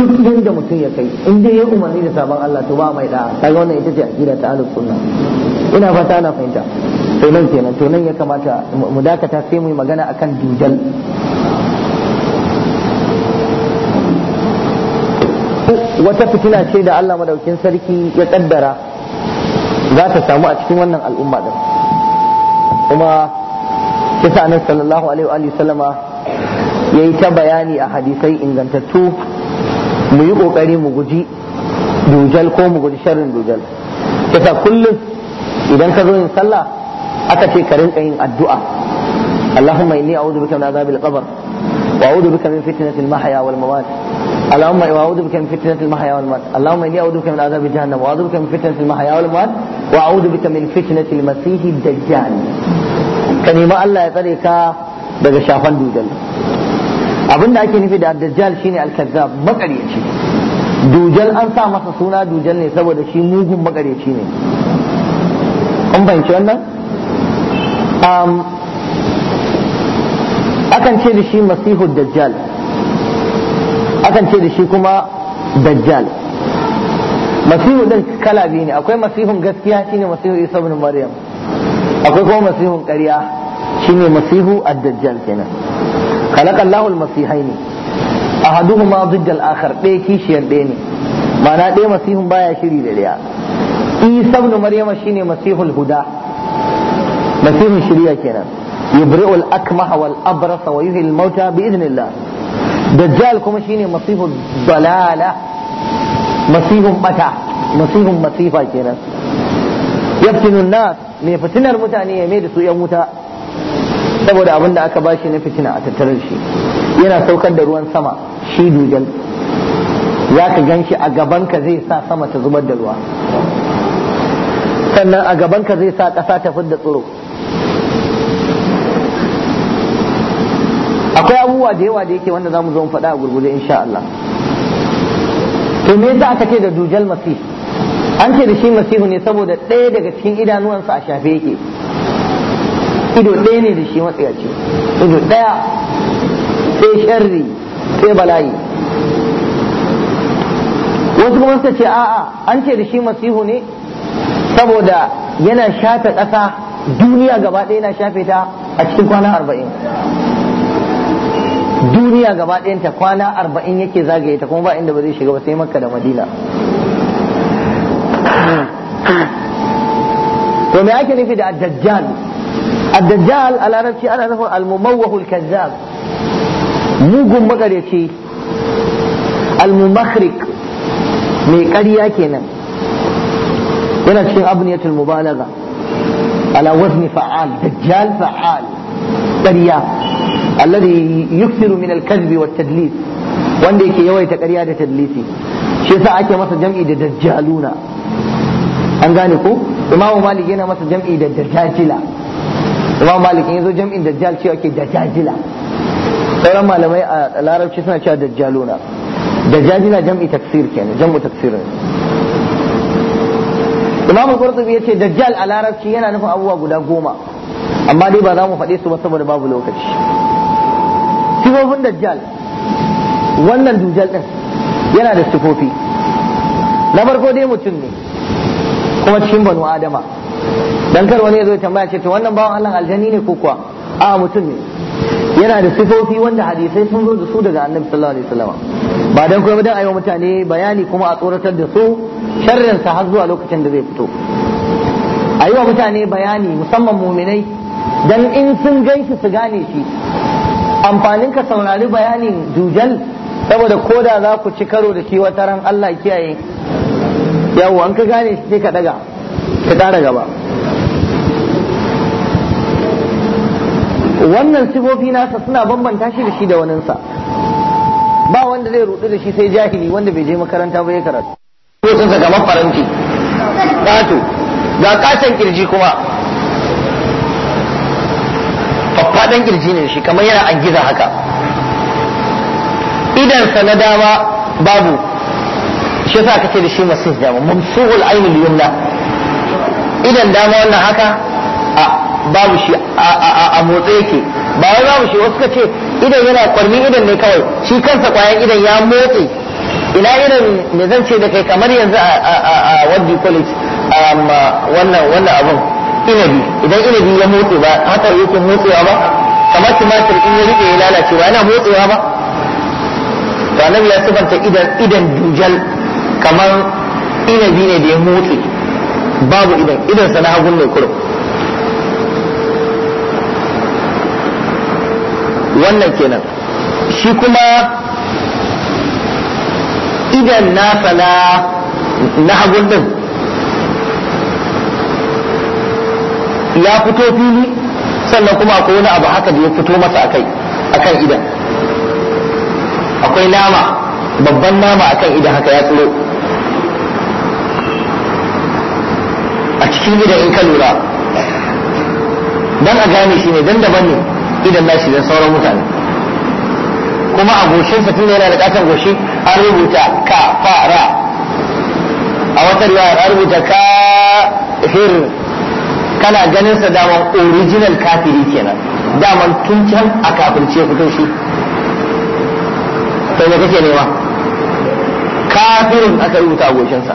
duk yanda mutum ya kai in dai ya umarni da sabon Allah to ba mai da'a kaga wannan ita ce aqida ta ahlus sunna ina fata ana fahimta to nan kenan to nan ya kamata mu dakata sai mu yi magana akan dujal wata fitina ce da Allah madaukin sarki ya kaddara za ta samu a cikin wannan al'umma din kuma kisa annabi sallallahu alaihi wa sallama yayi ta bayani a hadisai ingantattu mu yi kokari mu guji dujal ko mu guji sharrin dujal kisa kullum idan ka zo yin sallah aka ce ka rinka yin addu'a Allahumma inni a'udhu bika min azabil qabr واعوذ بك من فتنه المحيا والممات اللهم واعوذ بك من فتنه المحيا والممات اللهم اني اعوذ بك من عذاب جهنم واعوذ بك من فتنه المحيا والممات واعوذ بك من فتنه المسيح الدجال كلمه الله يطريك daga shafan dujal abinda ake nufi da dajjal shine al-kazzab makareci dujal an sa masa suna dujal ne saboda shi mugun makareci ne an bayanci wannan akan ce da shi masihu dajjal akan ce da shi kuma dajjal masihu din kala biyu ne akwai masihun gaskiya shine masihu isa ibn maryam akwai kuma masihun ƙarya shine masihu ad-dajjal kenan khalaqallahu al masihayn ahaduhuma ضد al-akhar ɗaya kishiyar ɗaya ne ma'ana ɗaya masihun baya shiri da ɗaya isa ibn maryam shine masihul huda masihun shiriya kenan yubri'ul akmaha wal abrasa wa yuhil mauta bi idnillah dajjal kuma shine masihu dalala masihun bata masihun masifa kenan yaftinu nas mai fitinar mutane ya mai da su yan wuta saboda abin da aka bashi na fitina a tattarar shi yana saukar da ruwan sama shi dugal za ka gan shi a gabanka zai sa sama ta zubar da ruwa sannan a gabanka zai sa ƙasa ta fidda tsiro akwai abubuwa da yawa da yake wanda zamu zo mu faɗa a gurguje insha Allah to me yasa aka ce da dujal masih an ce da shi masihu ne saboda ɗaya daga cikin idanuwansa a shafe yake ido ɗaya ne da shi matsayaci ido ɗaya sai sharri sai bala'i wasu kuma suka ce a'a an ce da shi masihu ne saboda yana shafe ƙasa duniya gaba ɗaya yana shafe ta a cikin kwana arba'in duniya gaba ɗayanta kwana arba'in yake zagaye ta kuma ba inda ba zai shiga ba sai makka da madina to me ake nufi da addajjal addajjal a larabci ana nufin almumawwahul kazzab mugun magareci almumakhrik mai ƙarya kenan yana cikin abniyatul mubalaga ala wazni fa'al dajjal fa'al ƙarya alladhi yukthiru min al-kadhbi wa tadlis wanda yake yawaita ƙarya da tadlisi shi yasa ake masa jam'i da dajjaluna an gane ko imamu malik yana masa jam'i da dajjajila imamu malik yanzu jam'in dajjal cewa ke dajjajila sauran malamai a larabci suna cewa dajjaluna dajjajila jam'i tafsir kenan jam'u taksir imam qurtubi yace dajjal a larabci yana nufin abubuwa guda goma amma dai ba za mu faɗe su ba saboda babu lokaci sifofin dajjal wannan dujal ɗin yana da sifofi na farko dai mutum ne kuma cikin banu adama dan kar wani ya zo ya tambaya ce to wannan bawan Allah aljanni ne ko kuwa a mutum ne yana da sifofi wanda hadisai sun zo da su daga annabi sallallahu alaihi wasallam ba dan kuma dan ayo mutane bayani kuma a tsoratar da su sharrin sa har zuwa lokacin da zai fito ayi wa mutane bayani musamman muminai dan in sun gaishi su gane shi amfanin ka saurari bayanin dujal saboda koda za ku ci karo da shi wata ran Allah kiyaye yawo an ka gane shi sai ka daga ka tara gaba wannan sifofi nasa suna bambanta shi da shi da waninsa ba wanda zai rudu da shi sai jahili wanda bai je makaranta ba ya karatu sun sa kamar faranti gato ga katon kirji kuma dan kirji ne shi kamar yana giza haka idan sa na dama babu shi yasa kace da shi masis dama mamsuhul ainul yumna idan dama wannan haka a babu shi a motsa yake ba wai babu shi wasu kace idan yana kwarmin idan ne kawai shi kansa kwayan idan ya motsi ina irin me zan ce da kai kamar yanzu a wadi college um, uh, wannan wannan abun inabi idan inabi ya motsa ba haka yake motsawa ba kamar tumatir in ya rike ya lalace ba yana motsawa ba to annabi ya sifanta idan idan dujal kamar inabi ne da ya motse babu idan idan sana hagun ne kurum wannan kenan shi kuma idan na sana na hagun din ya fito fili sannan kuma akwai wani abu haka da ya fito masa akai akan idan akwai nama babban nama akan idan haka ya tsiro a cikin idan in ka lura dan a gane shi ne dan daban ne idan nashi dan sauran mutane kuma a sa tun yana da katon goshi an rubuta ka fara a wata riwaya an rubuta ka hir kana ganin sa daman original kafiri kenan daman tun can a kafirce fito shi to me kake nema kafirin aka rubuta sa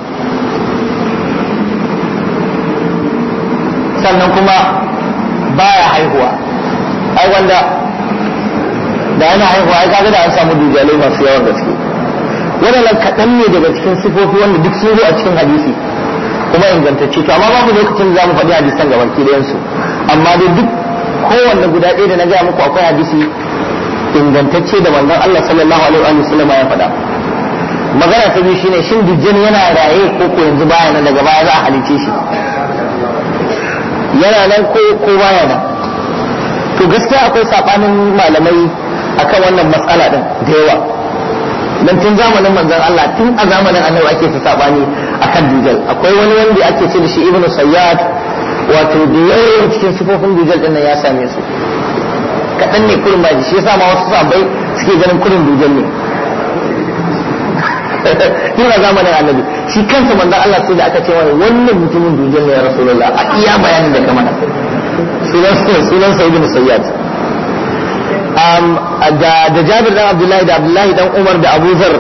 sannan kuma baya haihuwa ai wanda da yana haihuwa ai kaga da an samu dujalai masu yawan gaske wadannan kaɗan ne daga cikin sifofi wanda duk sun zo a cikin hadisi kuma ingantacce to amma babu lokacin za mu faɗi hadisan ga baki yansu amma dai duk kowanne guda ɗaya da na gaya muku akwai hadisi ingantacce da manzon Allah sallallahu alaihi wa sallam ya faɗa magana ta biyu shine shin dijjal yana raye ko ko yanzu baya nan daga baya za a halice shi yana nan ko ko baya nan to gaskiya akwai sabanin malamai akan wannan matsala din da yawa dan tun zamanin manzon Allah tun a zamanin annabi ake ta sabani akan dujal akwai wani wanda ake ce da shi ibnu sayyad wato da yawan cikin sifofin dujal din ya same su kadan ne kurin ba shi yasa ma wasu sabai suke ganin kurin dujal ne tun a zamanin annabi shi kansa manzon Allah sai da aka ce wani wannan mutumin dujal ne ya rasulullah a iya bayanin da kamar sunan sunan sayyidina sayyad da Jabir dan Abdullahi da Abdullahi dan Umar da Abu Zar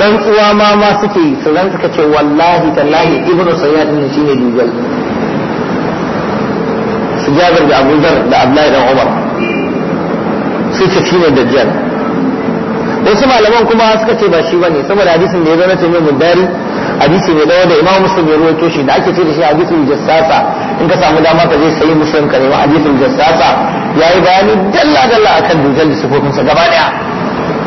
rantsuwa ma ma suke su ran suka ce wallahi tallahi ibnu sayyad ne shine dujal su Jabir da Abu Zar da Abdullahi dan Umar su ce shine dajjal wasu malaman kuma suka ce ba shi bane saboda hadisin da ya zama ce mai mudari hadisi mai dawo da imam muslim ya rawaito shi da ake ce da shi hadisin jassasa in ka samu dama ka je sayi muslim ka nemi hadisin jassasa yi bayani dalla dalla akan dujal da sifofin sa gaba daya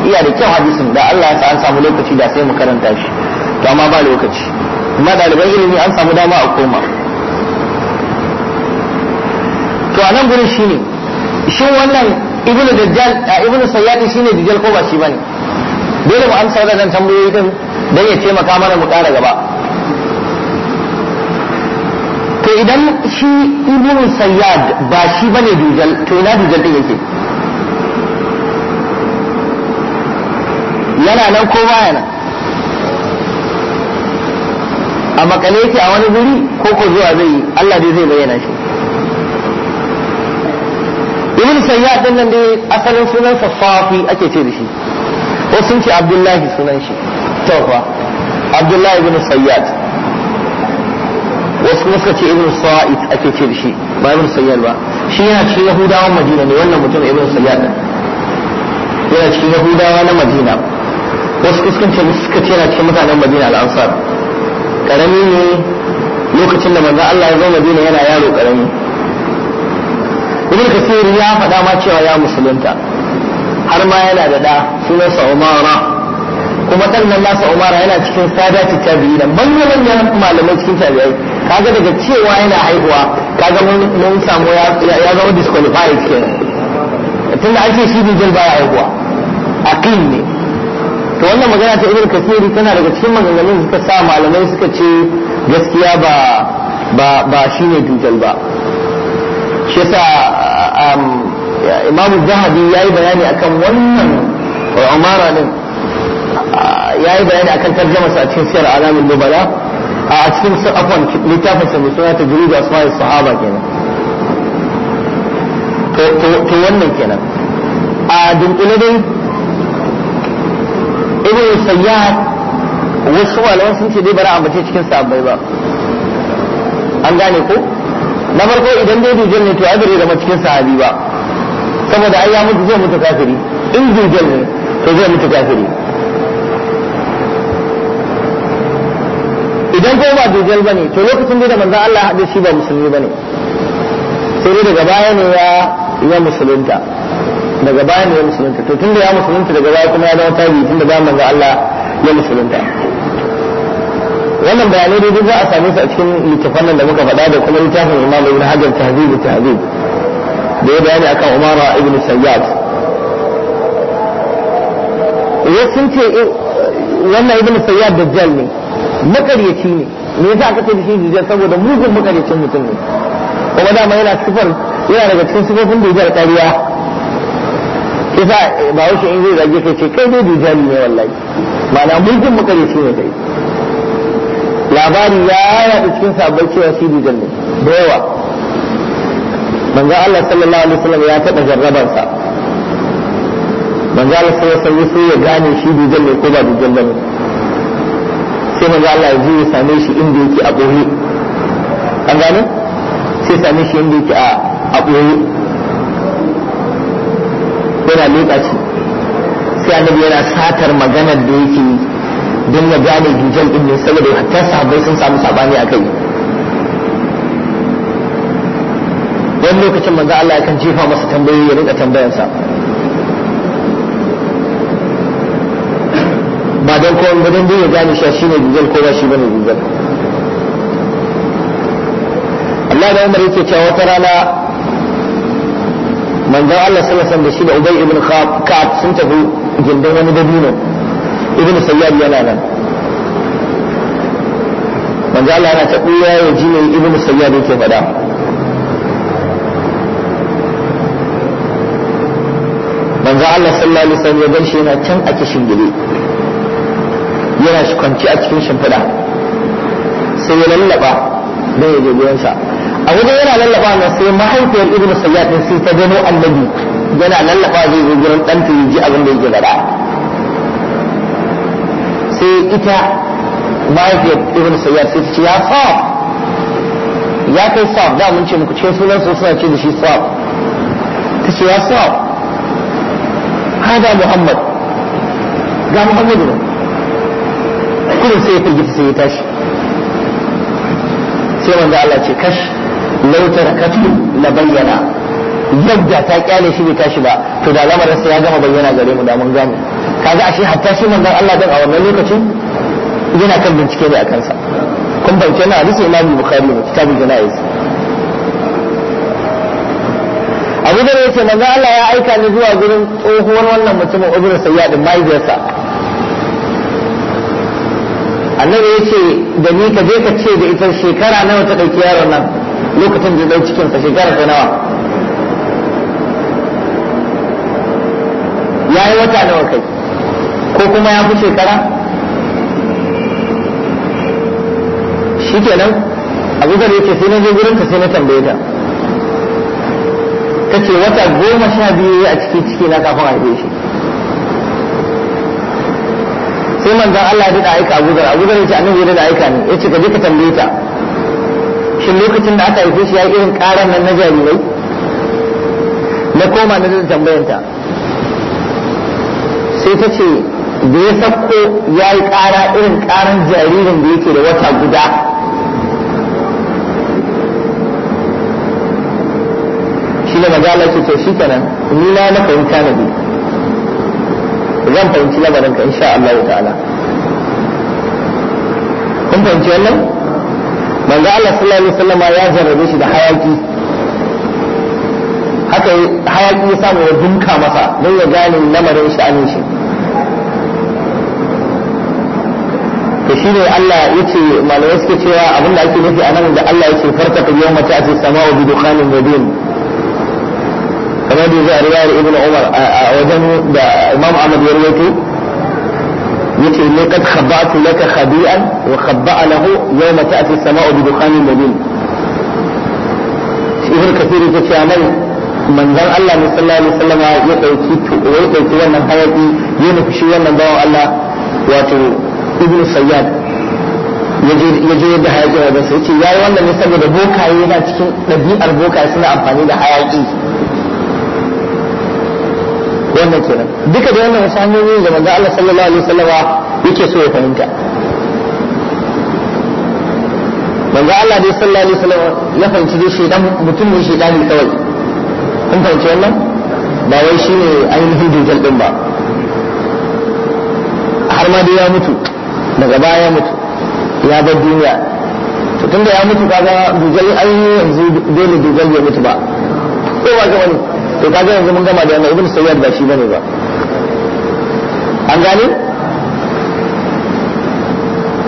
iya da kyau hadisin da Allah ya sa an samu lokaci da sai mu karanta shi to amma ba lokaci amma ɗaliban ilimi an samu dama a koma to a nan gurin shine shin wannan ibnu dajjal ibnu sayyadi shine dajjal ko ba shi bane dole mu amsa wadannan tambayoyi din don ya taimaka mana mu ƙara gaba to idan shi ibn sayyad ba shi bane dujal to ina dujal din yake yana nan ko baya nan a makale yake a wani guri ko ko zuwa zai yi Allah dai zai bayyana shi ibn sayyad din nan dai asalin sunan safafi ake ce da shi ko sun ce abdullahi sunan shi tawfa abdullahi ibn sayyad wasu kuma suka ce ibn sa'id ake ce da shi ba ibn sayyad ba shi yana cikin yahudawa madina ne wannan mutum ibn sayyad yana cikin yahudawa na madina wasu kuskan suka ce yana cikin mutanen madina al'ansar karami ne lokacin da manzan Allah ya zo madina yana yaro karami ibn kasir ya faɗa ma cewa ya musulunta har ma yana da da sunan sa umara kuma nan nasa umara yana cikin sadati tabi'i da manyan manyan malamai cikin tabi'ai kaga daga cewa yana haihuwa kaga mun samu ya zama disqualified kenan tunda ake shi shi bijil baya haihuwa aqil ne to wannan magana ta ibn kasiri tana daga cikin maganganun suka sa malamai suka ce gaskiya ba ba ba shine dujal ba shi yasa um, imamu zahabi yayi bayani akan wannan umara din ya yi bayani kan tarjama sa a cikin siyar alamin nubala a cikin afwan littafin sa mai suna ta jiri da asma'i sahaba kenan to wannan kenan a dunkule dai ibn sayyad wasu malaman sun ce dai bara ambace cikin sabbai ba an gane ko na farko idan dai dujal ne to ai bare zama cikin sahabi ba saboda ai ya mutu zai mutu kafiri in dujal ne to zai mutu kafiri idan ko ba dujal bane to lokacin da manzo Allah haɗe shi ba musulmi bane sai dai daga baya ne ya ya musulunta daga baya ne ya musulunta to tunda ya musulunta daga baya kuma ya zama tabi tunda ba manzo Allah ya musulunta wannan bayanai dai duk za a same su a cikin littafan nan da muka faɗa da kuma littafin Imam Ibn Hajar Tahzib Tahzib da ya bayani akan Umar ibn Sayyad wasu ce wannan ibn Sayyad dajjal ne makaryaci ne me yasa aka ce da shi jijiyar saboda mugun makaryacin mutum ne kuma dama yana sifar yana daga cikin sifofin kariya. ƙarya yasa ba wuce in zai zage kai ce kai dai dujjal ne wallahi ma'ana mugun makaryaci ne kai labari ya da cikin sabon cewa shi dujjal ne da yawa manzo Allah sallallahu alaihi wasallam ya taɓa jarrabansa manzo Allah sallallahu alaihi wasallam ya gane shi dujjal ne ko ba dujjal ne sai manzo Allah zai zo ya same shi inda yake a ɓoye an gane sai same shi inda yake a ɓoye yana leƙa shi sai annabi yana satar maganar da yake don ya gane gijan din ne saboda hatta sahabbai sun samu sabani a kai wani lokacin manzo Allah ya kan jefa masa tambayoyi ya rinka tambayansa ba don kowa ba don ya gane shi shine dujal ko ba shi bane dujal Allah da Umar yake cewa wata rana manzon Allah sallallahu alaihi wasallam da shi da Ubay ibn Ka'ab sun tafi gindin wani dabino ibn Sayyad yana nan manzo Allah yana ta ɓuya ya ji ne Ibn sayyad yake faɗa manzo Allah sallallahu alaihi wasallam ya gan shi yana can a kishin gidi yana shi kwanci a cikin shimfiɗa sai ya lallaba don ya je a wajen yana lallaba na sai mahaifiyar ibn sayyad din sai ta gano annabi yana lallaba zai zo gurin ɗanta ya ji abin da yake faɗa sai ita mahaifiyar ibn sayyad sai ta ce ya sa ya kai sa da mun ce muku cikin sunan sun suna ce da shi sa ta ce ya sa hada muhammad ga muhammadu ne kurun sai ya firgita sai ya tashi sai wanda Allah ce kash lautar katu la bayyana yadda ta kyale shi bai tashi ba to da lamarin sai ya gama bayyana gare mu da mun gane kaga ashe hatta shi manzo Allah din a wannan lokacin yana kan bincike ne a kansa kun bance na hadisi Imam Bukhari ne kitabul janaiz Abu Dawud yace manzo Allah ya aika ni zuwa gurin tsohuwar wannan mutumin Ubay Sayyad mahaifiyarsa annabi ya ce da ni ka je ka ce da ita shekara nawa ta ɗauki yaron nan lokacin da cikin cikinsa shekara ta nawa ya yi wata nawa kai ko kuma ya fi shekara shi kenan abu zar ce sai na je gurin ta sai na tambaye ta ka ce wata goma sha biyu a cikin ciki na kafin a shi sai manzon Allah ya da aika Abu Dhar Abu Dhar yace annabi ya da aika ne yace ka je ka tambaye ta shin lokacin da aka haife shi ya irin karan nan na jarirai na koma na zai tambayar ta sai ta ce da ya sakko ya yi kara irin karan jaririn da yake da wata guda shi da magana ce ce shi kenan ni na na fahimta na biyu zan fahimci lamarin ka insha Allah ta'ala kun fahimci wannan manzo Allah sallallahu alaihi wasallam ya jarrabe shi da hayaki haka hayaki ya samu ya dunka masa don ya gane lamarin sha'anin shi to shi ne Allah ya ce malamai suke cewa abinda ake nufi a nan da Allah ya ce farta ka yau mace a ce sama'u bi dukhanin mubin kamar da zai riwayar ibnu umar a wajen da imam ahmad ya rawaito yace ne kad khabatu laka khabi'an wa khaba'a lahu yawma ta'ti as-sama'u bi dukhanin mubin ibn kathir yake cewa mai manzon Allah ne sallallahu alaihi wasallam ya dauki ya dauki wannan shi wannan sayyad yaje je yadda hayaki wajen sai ce yi wannan ne saboda bokaye yana cikin ɗabi'ar bokaye suna amfani da hayaki wannan kenan duka da wannan wasu hanyoyi da manzo Allah sallallahu alaihi wasallama yake so ya fahimta manzo Allah dai sallallahu alaihi wasallam ya fahimci dai shedan mutum ne shedani kawai kun fahimci wannan ba wai shine ainihin dujal din ba har ma dai ya mutu daga baya ya mutu ya bar duniya to tunda ya mutu kaga dujal ai yanzu dole dujal ya mutu ba ko ba ga wani to ga yanzu mun gama da wannan ibn sayyad ba shi bane ba an gane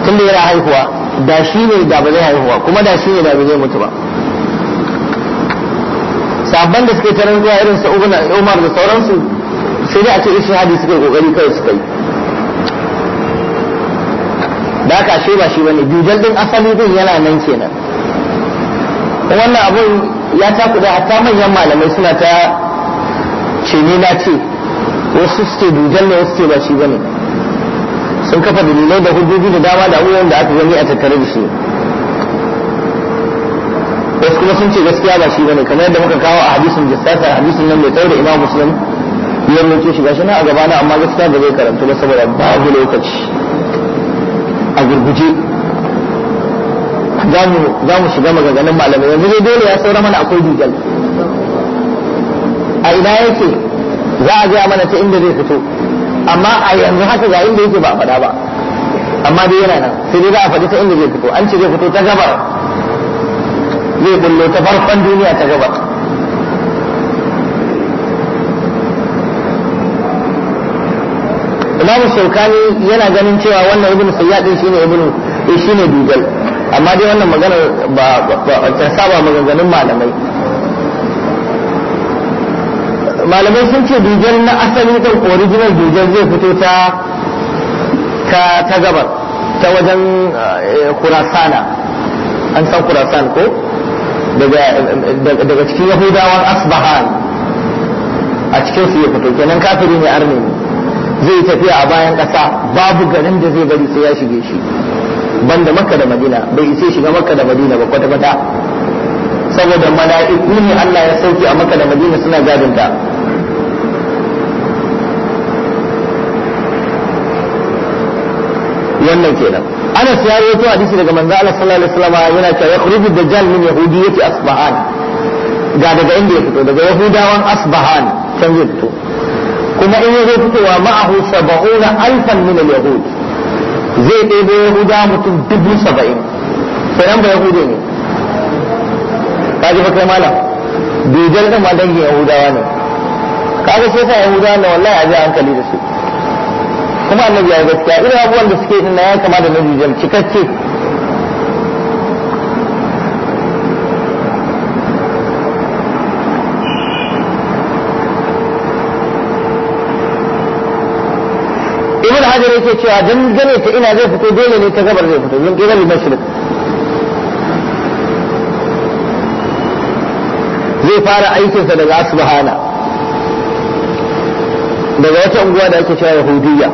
tun da yana haihuwa da shi ne da ba zai haihuwa kuma da shi ne da ba zai mutu ba sabban da suke tarin zuwa irin sa umar da sauransu sai dai a ce ishihadi suke kokari kawai suka yi da ka ce ba shi bane dujal din asali din yana nan kenan wannan abin ya takuda hatta manyan malamai suna ta ce ni na ce wasu suke dujan ne wasu ce ba shi bane sun kafa dalilai da hujjoji da dama da abubuwan da aka gani a tattare da shi wasu kuma sun ce gaskiya ba shi bane kamar yadda muka kawo a hadisin a hadisin nan mai tsawo da imam muslim ya roke shi na a gabana amma gaskiya da zai karanta ba saboda babu lokaci a gurguje za mu shiga maganganun malamai yanzu dai dole ya saura mana akwai dujal a ina yake za a gaya mana ta inda zai fito amma a yanzu haka ga inda yake ba a faɗa ba amma dai yana nan sai dai za a faɗi ta inda zai fito an ce zai fito ta gabar zai bullo ta farkon duniya ta gabar Imam Shaukani yana ganin cewa wannan ibn Sayyad shine ibn eh, shine Dugal amma dai wannan magana ba ta saba maganganun malamai malamai sun ce dujar na asali kan original dujar zai fito ta ta gabar ta wajen eh, kurasana an san kurasan ko daga cikin yahudawan asbahan a cikin su ya fito kenan kafiri ne arni zai tafiya a bayan ƙasa babu garin da zai bari sai ya shige shi banda maka da madina bai isa shiga maka da madina ba kwata kwata saboda mala'iku ne Allah ya sauke a maka da madina suna gadinta wannan kenan Anas ya yi rawaito hadisi daga manzo Allah sallallahu alaihi wasallam yana cewa yakhruju dajjal min yahudiyyati asbahan ga daga inda ya fito daga yahudawan asbahan can zai fito kuma in ya zo fitowa ma'ahu saba'una alfan min al-yahud zai ɗebo yahuda mutum dubu saba'in sanan ba yahude ne kaji ji kai malam dujar da ma dangin yahudawa ne kada sai sa yahudawa na wallahi a ji hankali da su kuma annabi ya gaskiya ina abubuwan da suke na ya kama da na dujar cikakke hajjar yake cewa don gane ta ina zai fito dole ne ta gabar zai fito yin ƙirar mashirik zai fara aikinsa daga asbahana daga wata unguwa da ake cewa yahudiya.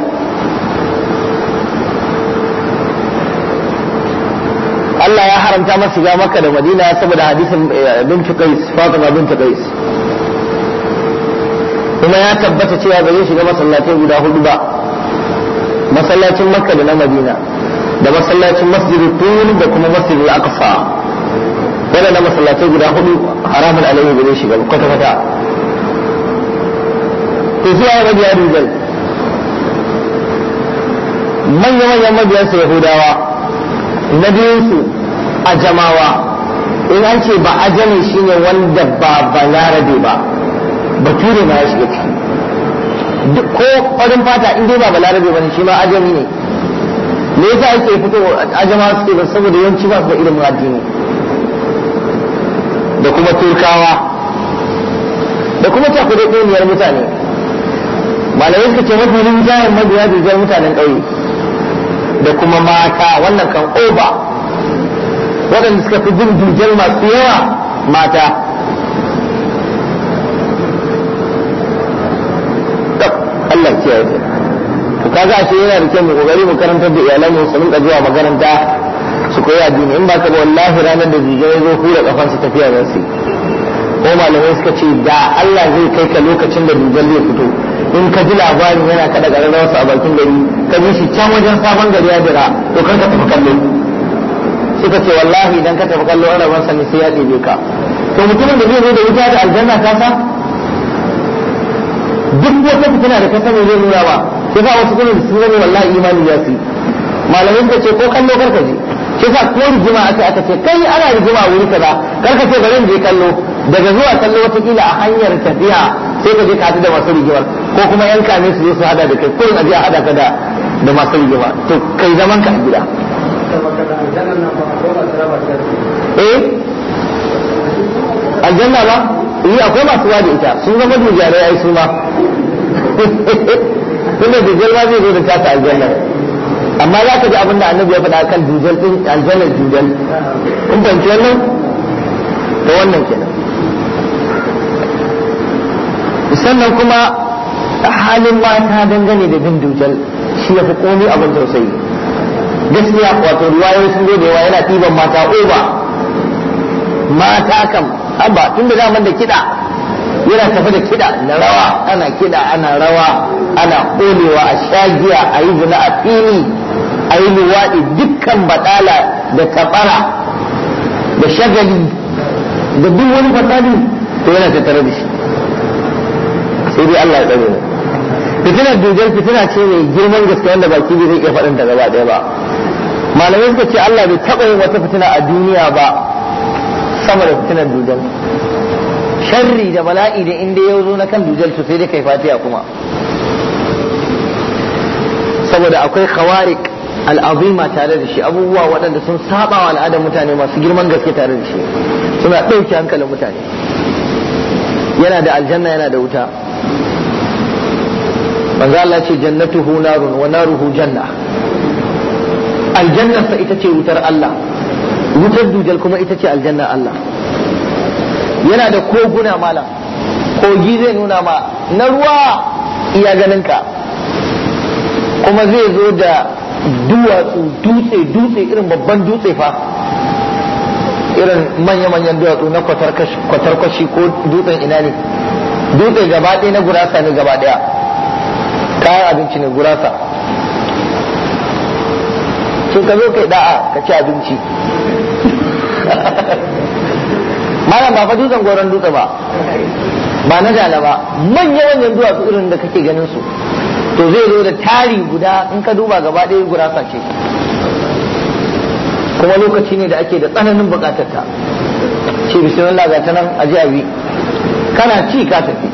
Allah ya haramta masa shiga Makka da Madina saboda hadisin eh, bin Qais Fatima bin Qais kuma ya tabbata cewa ba zai shiga masallatai guda hudu ba masallacin makka da na madina da masallacin masjid tun da kuma masjid al-aqsa waɗannan masallatai guda hudu haramun alayhi ba zai shiga kwata kwata to zuwa ya mabiya rizal manya manyan mabiyansa yahudawa na biyunsu a jamawa in an ce ba ajami shine wanda ba balarabe ba bature ma ya shiga ciki duk ko farin fata in dai ba balarabe bane shi ma ajami ne me yasa ake fito ajama suke ba saboda yawanci ba su da ilimin addini da kuma turkawa da kuma cakudaɗɗeniyar mutane malamai suka ce mafi rinjayen mabiya jujjar mutanen ƙauye da kuma mata wannan kan oba waɗanda suka fi jin jirgin masu yawa mata kiyaye to kaga ashe yana da kyau mu kokari mu karanta da iyalan mu su rinka zuwa makaranta su koyi addini in ba ka ba wallahi ranar da zige ya zo hura kafan su tafiya za su ko malamai suka ce da Allah zai kai ka lokacin da dujan zai fito in ka ji labarin yana kada gararrawarsa a bakin gari ka bi shi can wajen sabon gari ya jira to kar ka tafi kallo suka ce wallahi idan ka tafi kallo ana sani sai ya ɗebe ka to mutumin da zai zo da wuta da aljanna ka sa duk wata fitina da kasar sani zai nuna ba sai sa wasu kullum sun zama wallahi imani ya fi malamin ka ce ko kallo karka je ke sa ko rigima aka aka ce kai ana rigima wuri ka kaza karka ce bari je kallo daga zuwa kallo watakila a hanyar tafiya sai ka je ka da masu rigimar ko kuma yan kane su zo su hada da kai kullum a je a hada ka da da masu rigima to kai zaman ka a gida eh aljanna ba yi eh, akwai masu ba da ita sun zama dujarai ai su ma kuma dujal ba zai zo da tasa aljanna amma za ka ji abin da annabi ya faɗa kan dujal din aljanna dujal in ban wannan da wannan kenan sannan kuma halin mata dangane da bin dujal shi ya fi komi abin tausayi gaskiya wato ruwayoyi sun zo da yawa yana ɗiban mata oba mata kam abba tun da zaman da kiɗa yana tafi da kiɗa na rawa ana kiɗa ana rawa ana ƙonewa a shagiya a yi zina a fili a yi luwaɗi dukkan baɗala da kafara da shagali da duk wani fasali to yana tattare da shi sai dai Allah ya tsare mu fitinar dujar fitina ce mai girman gaske wanda baki bai zai iya faɗin ta gaba ɗaya ba malamai suka ce Allah bai taɓa yin wata fitina a duniya ba sama da fitinar dujar sharri da bala'i da inda ya zo na kan dujal to sai dai kai fatiha kuma saboda akwai khawarik al'azima tare da shi abubuwa waɗanda sun saba wa al'adar mutane masu girman gaske tare da shi suna ɗauke hankalin mutane yana da aljanna yana da wuta manzo Allah ce jannatuhu narun wa naruhu janna aljannarsa ita ce wutar Allah wutar dujal kuma ita ce aljanna Allah yana da koguna malam kogi zai nuna ma na ruwa iya ganinka kuma zai zo da duwatsu dutse dutse irin babban dutse fa irin manya-manyan duwatsu na kwatarkwashi ko dutsen ina ne dutse gaba ɗaya na gurasa ne gaba ɗaya kayan abinci ne gurasa sun ka zo kai da'a ka ci abinci malam ba fa dutsen goron dutse ba ba na dala ba manya manyan duwatsu irin da kake ganin su to zai zo da tari guda in ka duba gaba ɗaya gurasa ce kuma lokaci ne da ake da tsananin bukatar ta ce bismillah ga ta nan aji abi kana ci ka tafi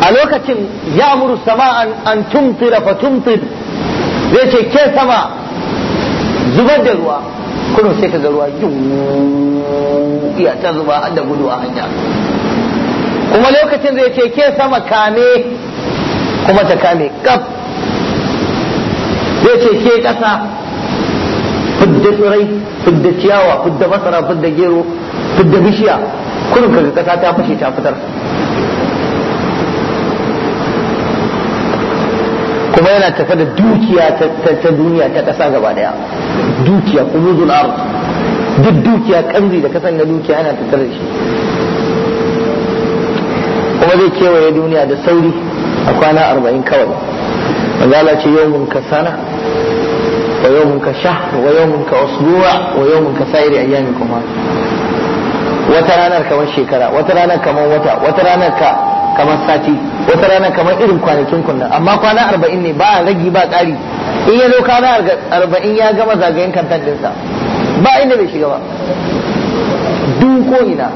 a lokacin ya muru sama an tumfira fa tumfir zai ce ke sama zubar da ruwa kurin sai ka ga ruwa yin iya ta zuba har da gudu a hanya kuma lokacin zai ce ke sama kame kuma ta kame kaf zai ce ke kasa fidda tsirai fidda ciyawa fidda masara fidda gero fidda bishiya kurin kaga kasa ta fashe ta fitar kuma yana tafa da dukiya ta duniya ta ƙasa gaba daya dukiya kunuzul ard duk dukiya kanzi da kasan na dukiya yana tattare da shi kuma zai kewaye duniya da sauri a kwana arba'in kawai manzala ce yawmun ka sana wa yau mun ka sha wa yau mun ka usbu'a wa yau mun ka sa'iri ayyami kuma wata ranar kamar shekara wata ranar kamar wata wata ranar ka kamar sati wata rana kamar irin kwanakin kunna amma kwana arba'in ne ba a ragi ba ƙari in ya zo kwana arba'in ya gama zagayen kantan ɗinsa ba inda bai shiga ba duk ko ina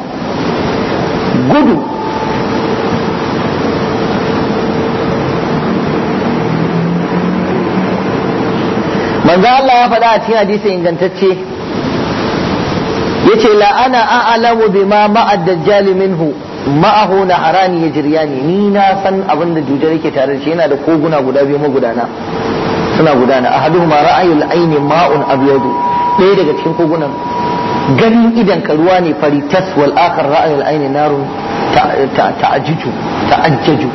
gudu manzo Allah ya faɗa a cikin hadisi ingantacce yace la'ana ana a'lamu bima ma'a dajjal minhu ma'ahu na harani ya jirya ne ni na san abin da jujar yake tare da shi yana da koguna guda biyu magudana suna gudana a hadu ma ra'ayul aini ma'un abyadu ɗaya daga cikin kogunan garin idan ka ruwa ne fari tas wal akhar ra'ayul aini narun ta'ajjuju ta'ajjaju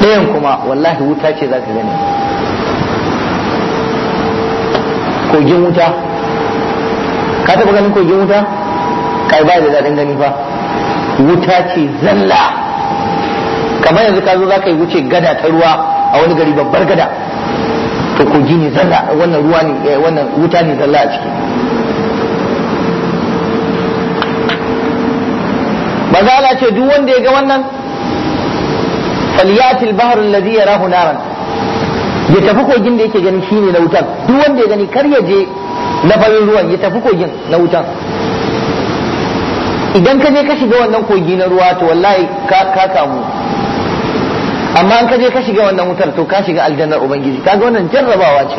ɗayan kuma wallahi wuta ce zaka gani kogin wuta ka taɓa ganin kogin wuta kai ba da daɗin gani fa wuta ce zalla kamar yanzu ka zo za ka yi wuce gada ta ruwa a wani gari babbar gada to kogi ne zalla wannan ruwa ne eh, wannan wuta ne zalla a ciki mazala ce duk wanda ya ga wannan falyatil bahar alladhi yarahu naran ya tafi kogin da yake ganin shine na wutan duk wanda ya gani kar ya je na farin ruwan ya tafi kogin na wutan idan ka je ka shiga wannan kogi na ruwa to wallahi ka kamu amma an ka je ka shiga wannan wutar to ka shiga aljannar ubangiji kaga wannan jarrabawa ce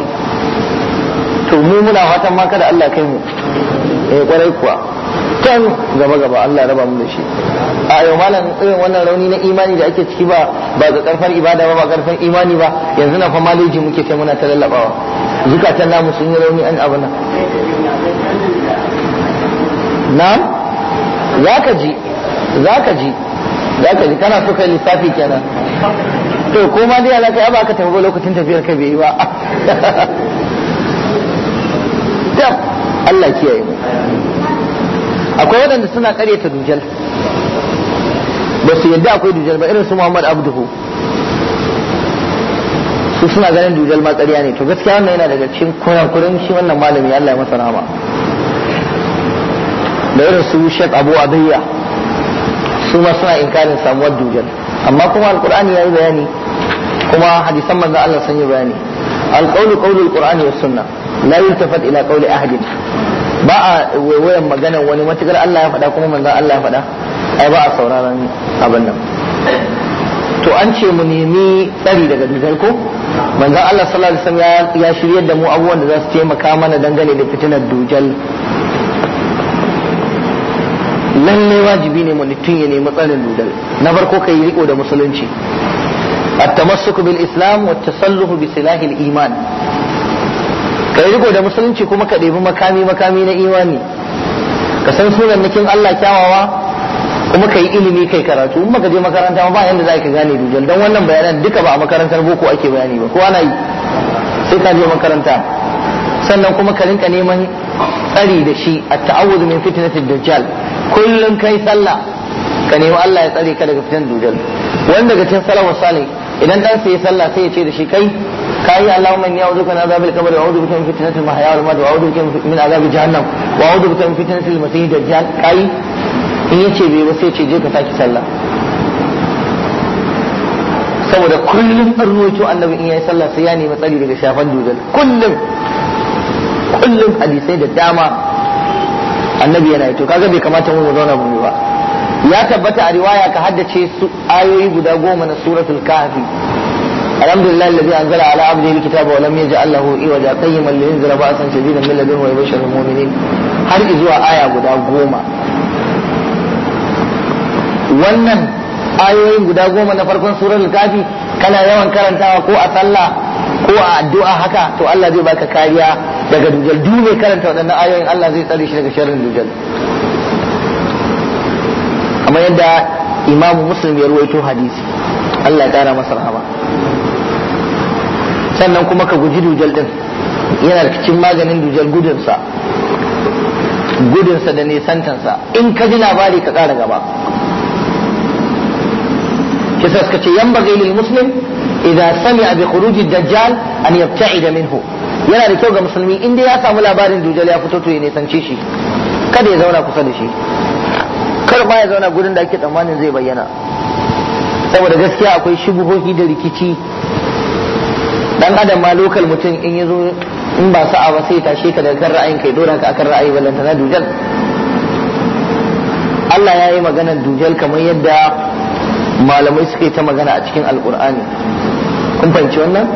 to mu muna fatan ma kada Allah kai mu eh kwarai kuwa Kan gaba gaba Allah raba mu da shi a yau malam irin wannan rauni na imani da ake ciki ba ba ga karfan ibada ba ba karfan imani ba yanzu na fa maleji muke sai muna ta lallabawa zukatan namu sun yi rauni an abuna na'am za ka ji za ka ji za ka ji kana so kai lissafi kenan to ko ma dai za ka yi ka tafi lokacin tafiyar ka bai yi ba dab Allah kiyaye mu akwai waɗanda suna ƙaryata dujal ba su yadda akwai dujal ba irin su Muhammad Abduhu su suna ganin dujal ma ƙarya ne to gaskiya wannan yana daga cikin kuran kuran shi wannan malami Allah ya masa rahama da irin su shek abu abiyya su ma suna inkarin samuwar dujal amma kuma alkur'ani ya yi bayani kuma hadisan manzan Allah sun yi bayani alƙaulu ƙaulu alƙur'ani wa sunna la yultafat ila ƙauli ahadin ba a wewayen maganar wani matukar Allah ya faɗa kuma manzan Allah ya faɗa ai ba a sauraron abin nan to an ce mu nemi tsari daga dujar ko manzan Allah sallallahu alaihi wasallam ya shiryar da mu abubuwan da za su taimaka mana dangane da fitinar dujal wajibi ne mutum ya nemi tsarin dudal na farko kai riko da musulunci bil islam بالإسلام bi silahil iman kai riko da musulunci kuma ka debi makami makami na imani ka san sunan nikin Allah kyawawa kuma kai ilimi kai karatu kuma ka je makaranta ba yanda za ka gane dujal don wannan bayanan duka ba a makarantar boko ake bayani ba ko ana yi sai ka je makaranta sannan kuma ka rinka neman tsari da shi at ta'awuz min fitnatid dajjal kullum kai sallah ka nemi Allah ya tsare ka daga fitan dujal wanda daga cikin salafu salih idan dan sai sallah sai ya ce da shi kai kai Allahumma inni a'udhu bika min azabil qabr wa a'udhu bika min fitnatil mahya wal da wa a'udhu bika min azabil jahannam wa a'udhu bika min fitnatil masiihid dajjal kai in yace bai ba sai ce je ka saki sallah saboda kullum an ruwaito annabi in yayi sallah sai ya nemi tsari daga shafan dujal kullum kullum hadisai da dama annabi yana yi to kaga bai kamata mu zauna mu ba ya tabbata a riwaya ka haddace su ayoyi guda goma na suratul kahfi alhamdulillah alladhi anzala ala abdihi alkitaba wa lam yaj'al lahu iwaja qayyiman yunzira ba'san shadidan min ladunhu wa yubashshirul mu'minin har zuwa aya guda goma wannan ayoyin guda goma na farkon suratul kahfi kana yawan karantawa ko a sallah ko a addu'a haka to Allah zai baka kariya daga dujal duk karanta waɗannan ayoyin Allah zai tsare shi daga sharrin dujal kamar yadda imamu muslim ya ruwaito hadisi Allah ya kara masa rahama sannan kuma ka guji dujal din yana da cikin maganin dujal gudunsa gudunsa da nisantansa in ka ji labari ka kara gaba kisa suka ce yan bagai muslim idza a bi kuruji dajjal an da minhu yana da kyau ga musulmi inda ya samu labarin dujal ya fito to ya nisanci shi kada ya zauna kusa da shi kar ba ya zauna gurin da ake tsammanin zai bayyana saboda gaskiya akwai shubuhohi da rikici dan adam ma lokal mutum in ya zo in ba sa'a ba sai tashe ka daga kan ra'ayin kai dora ka akan ra'ayi ballanta na dujjal Allah ya yi maganar dujal kamar yadda malamai suka yi ta magana a cikin alkur'ani kun fahimci wannan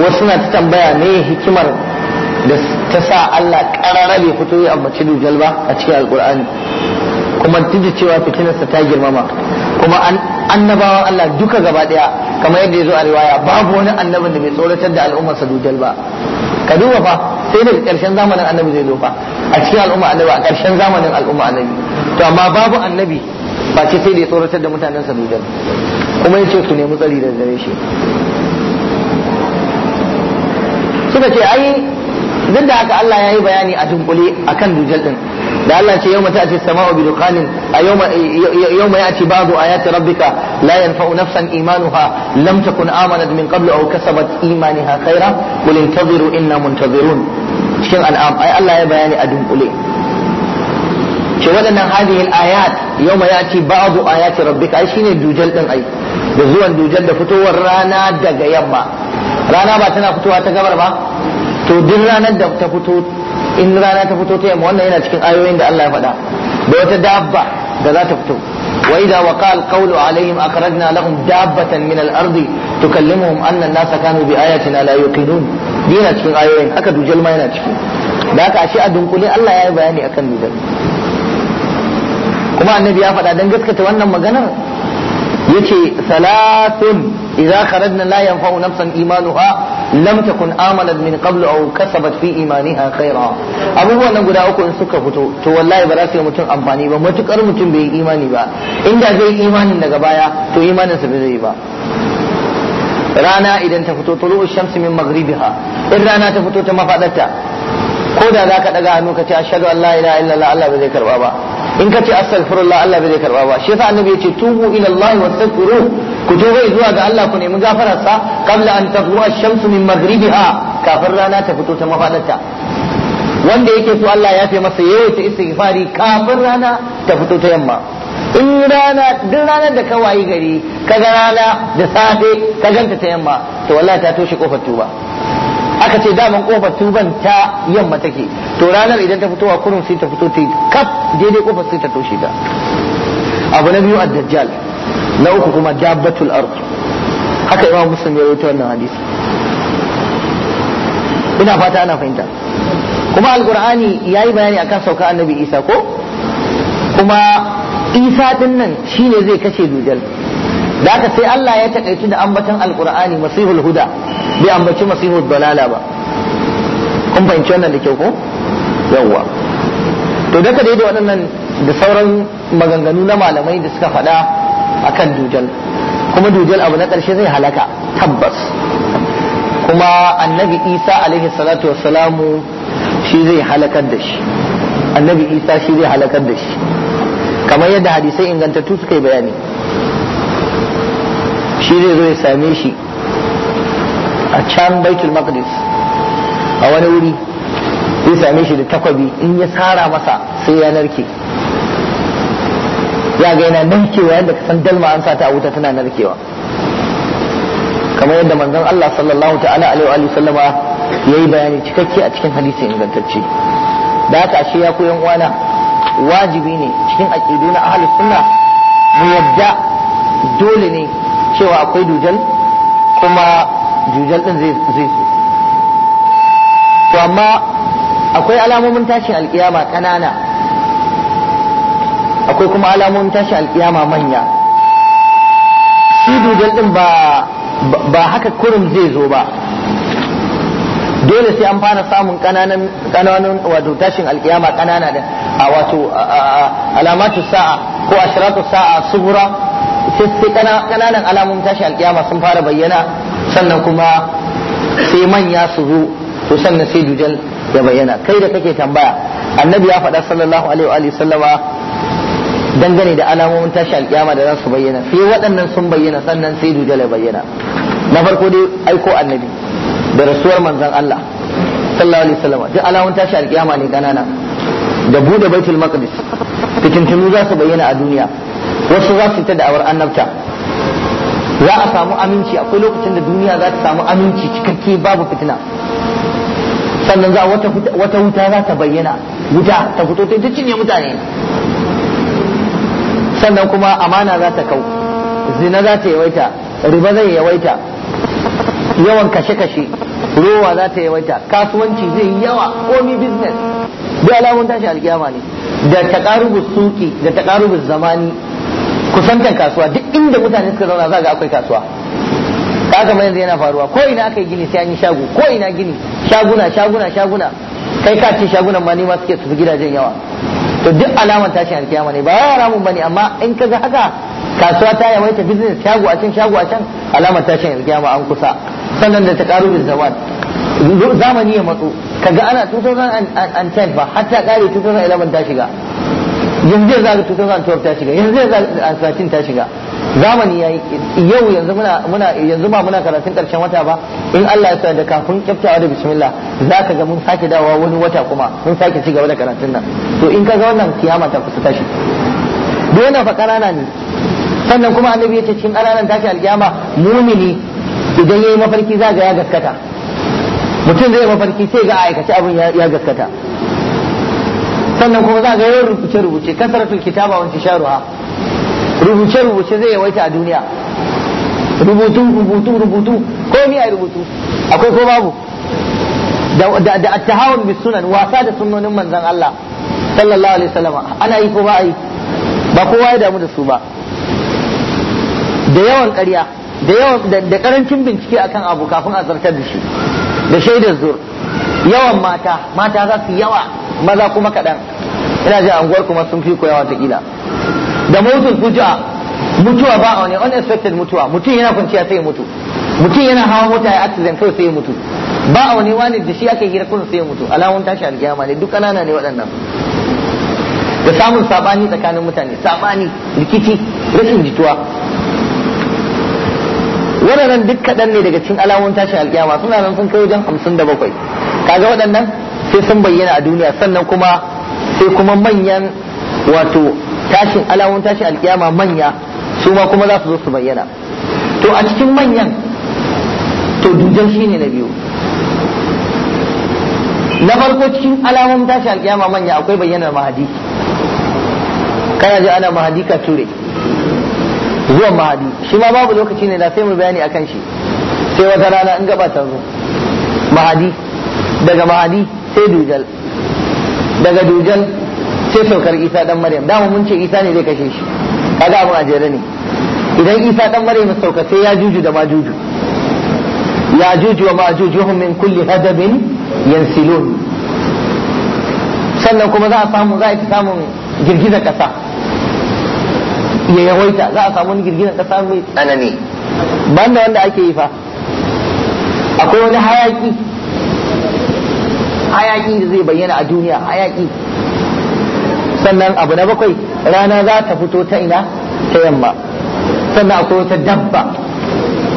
wasu na ta tambaya ne hikimar da ta sa Allah karara bai fito ya ambaci dujal ba a cikin alkur'ani kuma duk cewa fitinarsa ta girmama kuma annabawan Allah duka gaba daya kamar yadda ya zo a riwaya babu wani annabin da bai tsoratar da al'ummarsa dujal ba ka duba fa sai daga karshen zamanin annabi zai zo fa a cikin al'umma annabi a karshen zamanin al'umma annabi to amma babu annabi ba ce sai da ya tsoratar da mutanensa dujal kuma ya ce ku nemi tsari da gare shi suka ce ai duk da haka Allah ya yi bayani a dunkule akan dujal ɗin da Allah ce yau mata ce sama'u bi dukanin a yau mai ati babu ayati rabbika la yanfa'u nafsan imanuha lam takun amanat min qablu aw kasabat imaniha khaira qul intaziru inna muntazirun cikin al'am ai Allah ya bayani a dunkule ce waɗannan hadihin ayat yau ma ya ci babu ayati rabbika ai shine dujal ɗin ai da zuwan dujal da fitowar rana daga yamma rana ba tana fitowa ta gabar ba to duk ranar da ta fito in rana ta fito ta yamma wannan yana cikin ayoyin da Allah ya faɗa da wata dabba da za ta fito wa idza waqa alqawlu alaihim akhrajna lahum dabbatan min al-ardi tukallimuhum anna an-nasa kanu bi ayatina la yuqinun yana cikin ayoyin haka dujal ma yana ciki da haka ashe a dunkule Allah ya yi bayani akan dujal kuma annabi ya faɗa don gaskata wannan maganar yace salatun idza kharajna la yanfa'u nafsan imanuha lam takun amanat min qablu aw kasabat fi imaniha khaira abubuwan nan guda uku in suka fito to wallahi ba za su yi mutum amfani ba matukar mutum bai yi imani ba inda zai yi imanin daga baya to imanin sa bai yi ba rana idan ta fito tulu shamsi min maghribiha in rana ta fito ta mafadarta ko da za ka daga hannu ka ce ashadu Allah ila ilaha Allah Allah ba zai karba ba in ka ce astaghfirullah Allah ba zai karba ba shi yasa annabi ya ce tubu ila Allah tsakuru ku tuba zuwa ga Allah ku nemi gafararsa qabla an taghrura ash-shamsu min maghribiha kafin rana ta fito ta mafadarta wanda yake so Allah ya fi masa yawaita istighfari kafin rana ta fito ta yamma in rana duk ranar da ka wayi gari ga rana da safe ka ganta ta yamma to wallahi ta toshe kofar tuba aka ce daman kofar tuban ta yamma take to ranar idan ta fitowa kurun sai ta fito ta kaf daidai kofar sai ta toshe ta abu na biyu ad-dajjal na uku kuma dabbatul ard haka imam muslim ya rawaito wannan hadisi ina fata ana fahimta kuma alqur'ani yayi bayani akan sauka annabi isa ko kuma isa din nan shine zai kashe dujal da haka sai Allah ya taƙaitu da ambatan alƙur'ani masihul huda bai ambaci masihul dalala ba kun fahimci wannan da kyau ko yawwa to ka daidai waɗannan da sauran maganganu na malamai da suka faɗa akan dujal kuma dujal abu na ƙarshe zai halaka tabbas kuma annabi isa alaihi salatu wassalamu shi zai halakar da shi annabi isa shi zai halakar da shi kamar yadda hadisai ingantattu suka yi bayani shi zai zo ya same shi a can baitul maqdis a wani wuri zai same shi da takwabi in ya sara masa sai ya narke ya ga yana narkewa yadda kasan dalma an sa ta a wuta tana narkewa kamar yadda manzon Allah sallallahu ta'ala alaihi wa sallama yayi bayani cikakke a cikin hadisi ingantacce da haka ashe ya koyan uwana wajibi ne cikin aqidu na ahlus sunna mu yadda dole ne cewa akwai dujal kuma dujal din zai zai to amma akwai alamomin tashin alkiyama kanana akwai kuma alamomin tashin alkiyama manya shi dujal din ba ba haka kurum zai zo ba dole sai an fara samun kananan kananan wato tashin alkiyama kanana da a wato alamatu sa'a ko ashratu sa'a sugura sai kananan alamun tashi alkiyama sun fara bayyana sannan kuma sai manya su zo to sannan sai dujal ya bayyana kai da kake tambaya annabi ya faɗa sallallahu alaihi wa sallama dangane da alamomin tashi alkiyama da za su bayyana sai waɗannan sun bayyana sannan sai dujal ya bayyana na farko dai aiko annabi da rasuwar manzon Allah sallallahu alaihi wasallam duk alamun tashi alkiyama ne kanana da bude baitul maqdis fitintunu za su bayyana a duniya wasu za su yi ta da'awar annabta za a samu aminci akwai lokacin da duniya za ta samu aminci cikakke babu fitina sannan za wata wuta za ta bayyana wuta ta fito ta cinye mutane sannan kuma amana za ta kau zina za ta yawaita riba zai yawaita yawan kashe-kashe rowa za ta yawaita kasuwanci zai yi yawa komi business bi alamun tashi alkiyama ne da taqarubus suki da takarubu zamani kan kasuwa duk inda mutane suka zauna za ga akwai kasuwa kaga mai yanzu yana faruwa ko ina aka yi gini sai an yi shago ko ina gini shaguna shaguna shaguna kai ka ce shagunan ma ni ma suke tafi gidajen yawa to duk alamar tashin alkiyama ne ba haramun bane amma in kaga haka kasuwa ta yawaita business shago a can shago a can alamar tashin alkiyama an kusa sannan da ta karu bin zaman zamani ya matso kaga ana 2010 ba har ta kare 2011 ta shiga yanzu yanzu zan 2012 ta shiga yanzu yanzu aka 13 ta shiga zamani yi yau yanzu muna muna yanzu ba muna karatun karshen wata ba in Allah ya sa da kafin kyaftawa da bismillah ka ga mun sake dawowa wani wata kuma mun sake ci gaba da karatun nan to in ka ga wannan kiyama ta kusa tashi duk yana fa ƙanana ne sannan kuma annabi ya ce cikin ƙananan tashi alkiyama mumini idan ya yi mafarki za ga ya gaskata mutum zai mafarki sai ga aikace abin ya gaskata sannan kuma za ga yawan rubuce-rubuce kasar kasaratul kitaba wa intisharuha rubuce-rubuce zai yawaita a duniya rubutu rubutu rubutu ko ni ai rubutu akwai ko babu da da attahawun bis sunan wasa da sunnonin manzon Allah sallallahu alaihi wasallam ana yi ko ba yi ba kowa ya damu da su ba da yawan ƙarya da yawan da karancin bincike akan abu kafin a zartar da shi da shaidar zur yawan mata mata za su yawa maza kuma kaɗan ina ji anguwar kuma sun fi koyawa ta kila da mutun fuja mutuwa ba wani unexpected mutuwa mutum yana kwanciya sai ya mutu mutum yana hawa mota ya accident kawai sai ya mutu ba wani wani da shi ake hira kun sai ya mutu alamun tashi alkiyama ne duk ƙanana ne waɗannan da samun sabani tsakanin mutane sabani rikici rashin jituwa waɗannan duk kaɗan ne daga cikin alamun tashi alkiyama suna nan sun kai wajen hamsin da bakwai kaga waɗannan sai sun bayyana a duniya sannan kuma sai kuma manyan wato tashin alamun tashin alkiyama manya su ma kuma za su zo su bayyana to a cikin manyan to shi shine na biyu na farko cikin alamun tashi alkiyama manya akwai bayyanar mahadi kana ji ana mahadi ka ture zuwan mahadi shi ma babu lokaci ne da sai mu bayani akan shi sai wata rana in gaba ta zo mahadi daga mahadi sai dujal daga dujal sai saukar isa dan maryam dama mun ce isa ne zai kashe shi kaga abun a jere ne idan isa dan maryam sauka sai ya juju da majuju ya juju wa majujuhum min kulli hadabin yansilun sannan kuma za a samu za a ta samun girgizar kasa ya yawaita za a samu girgizar kasa mai tsanani banda wanda ake yi fa akwai wani hayaki hayaki da zai bayyana a duniya hayaki sannan abu na bakwai rana za ta fito ta ina ta yamma sannan akwai wata dabba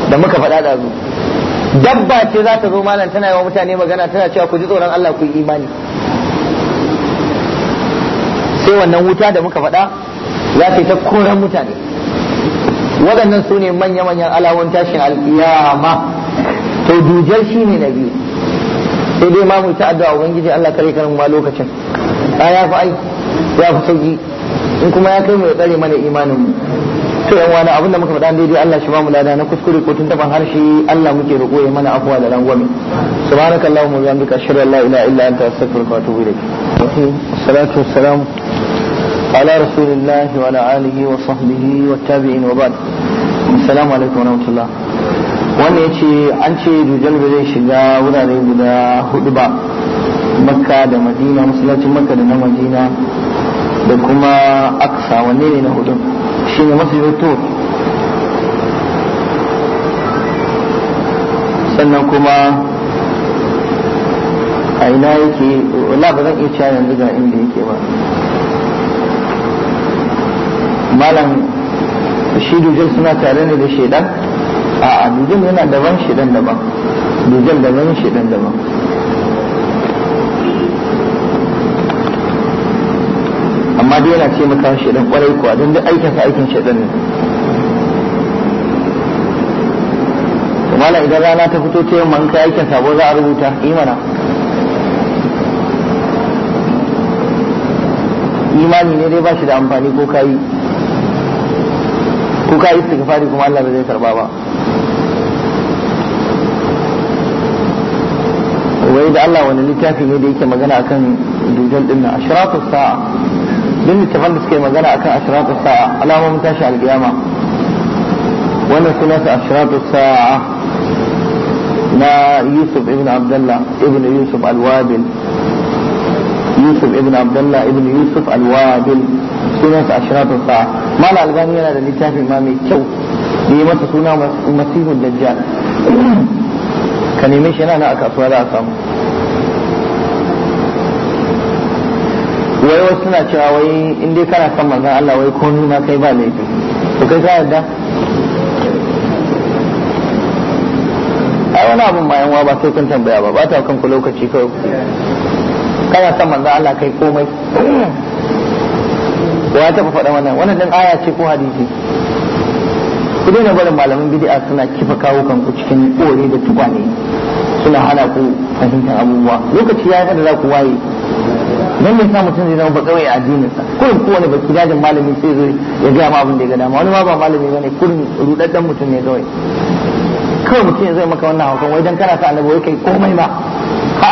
da muka faɗa da zu dabba ce za ta zo malam tana yawa mutane magana tana cewa ku ji tsoron Allah ku yi imani sai wannan wuta da muka faɗa za ta yi ta koran mutane waɗannan su ne manya-manyan alamun tashin alƙiyama to dujar shi ne na biyu sai dai ma mu ta addu'a ubangiji Allah kare kan ma lokacin a ya fi ai ya fi sauki in kuma ya kai mu ya tsare mana imanin mu to yan wani abinda muka faɗa daidai Allah shi ba mu lada na kuskure ko tun taban harshe Allah muke roƙo ya mana afuwa da rangwame subhanakallahu wa bihamdika ashhadu an la ilaha illa anta astaghfiruka wa atubu ilayk salatu wassalam ala alihi wa sahbihi wa tabi'in wa ba'd assalamu عليكم wa rahmatullah wanda ya ce an ce dujal ba zai shiga wurare guda hudu ba makka da madina masallacin makka da na madina da kuma aksa wanne ne na hudu shi ne masu tur sannan kuma a ina yake wala ba zan iya cewa yanzu ga inda yake ba malam shi dujal suna tare ne da shaidan a'a bijin yana daban shi dan daban bijin daban shi dan daban amma dai yana ce maka shi dan kwarai kuwa don duk aikin sa aikin shi dan ne kamar idan rana ta fito ta yamma in kai aikin sabo za a rubuta imana imani ne dai ba shi da amfani ko kayi ko kayi fari kuma Allah ba zai karba ba wai da Allah wani littafi ne da yake magana akan dujal din nan ashratu sa'a din littafin da suke magana akan ashratu sa'a alamomin tashi alkiyama wannan suna su ashratu sa'a na Yusuf ibn Abdullah ibn Yusuf al-Wabil Yusuf ibn Abdullah ibn Yusuf al-Wabil sunan sa ashratu sa'a mala albani yana da littafin ma mai kyau ne masa suna masihud dajjal ka neme shi yana a kasuwa za a samu wai wasu suna cewa wai in dai kana son manzon Allah wai ko nuna kai ba laifi to kai ka yarda ai wani abun bayan wa ba sai kun tambaya ba ba ta kanku lokaci kawai kana son manzon Allah kai komai wa ta faɗa wannan wannan din aya ce ko hadisi ku daina barin malaman bid'a suna kifa kawo kanku cikin kore da tukwane suna hana ku fahimtar abubuwa lokaci ya yi da za ku waye don me sa mutum zai zama ba kawai addinin sa kurin kowane baki dajin malami sai zai ya gaya ma abin da ya ga dama wani ma ba malami bane kurin rudaddan mutum ne kawai kawai mutum zai maka wannan haukan wai dan kana sa annabi wai kai komai ba ha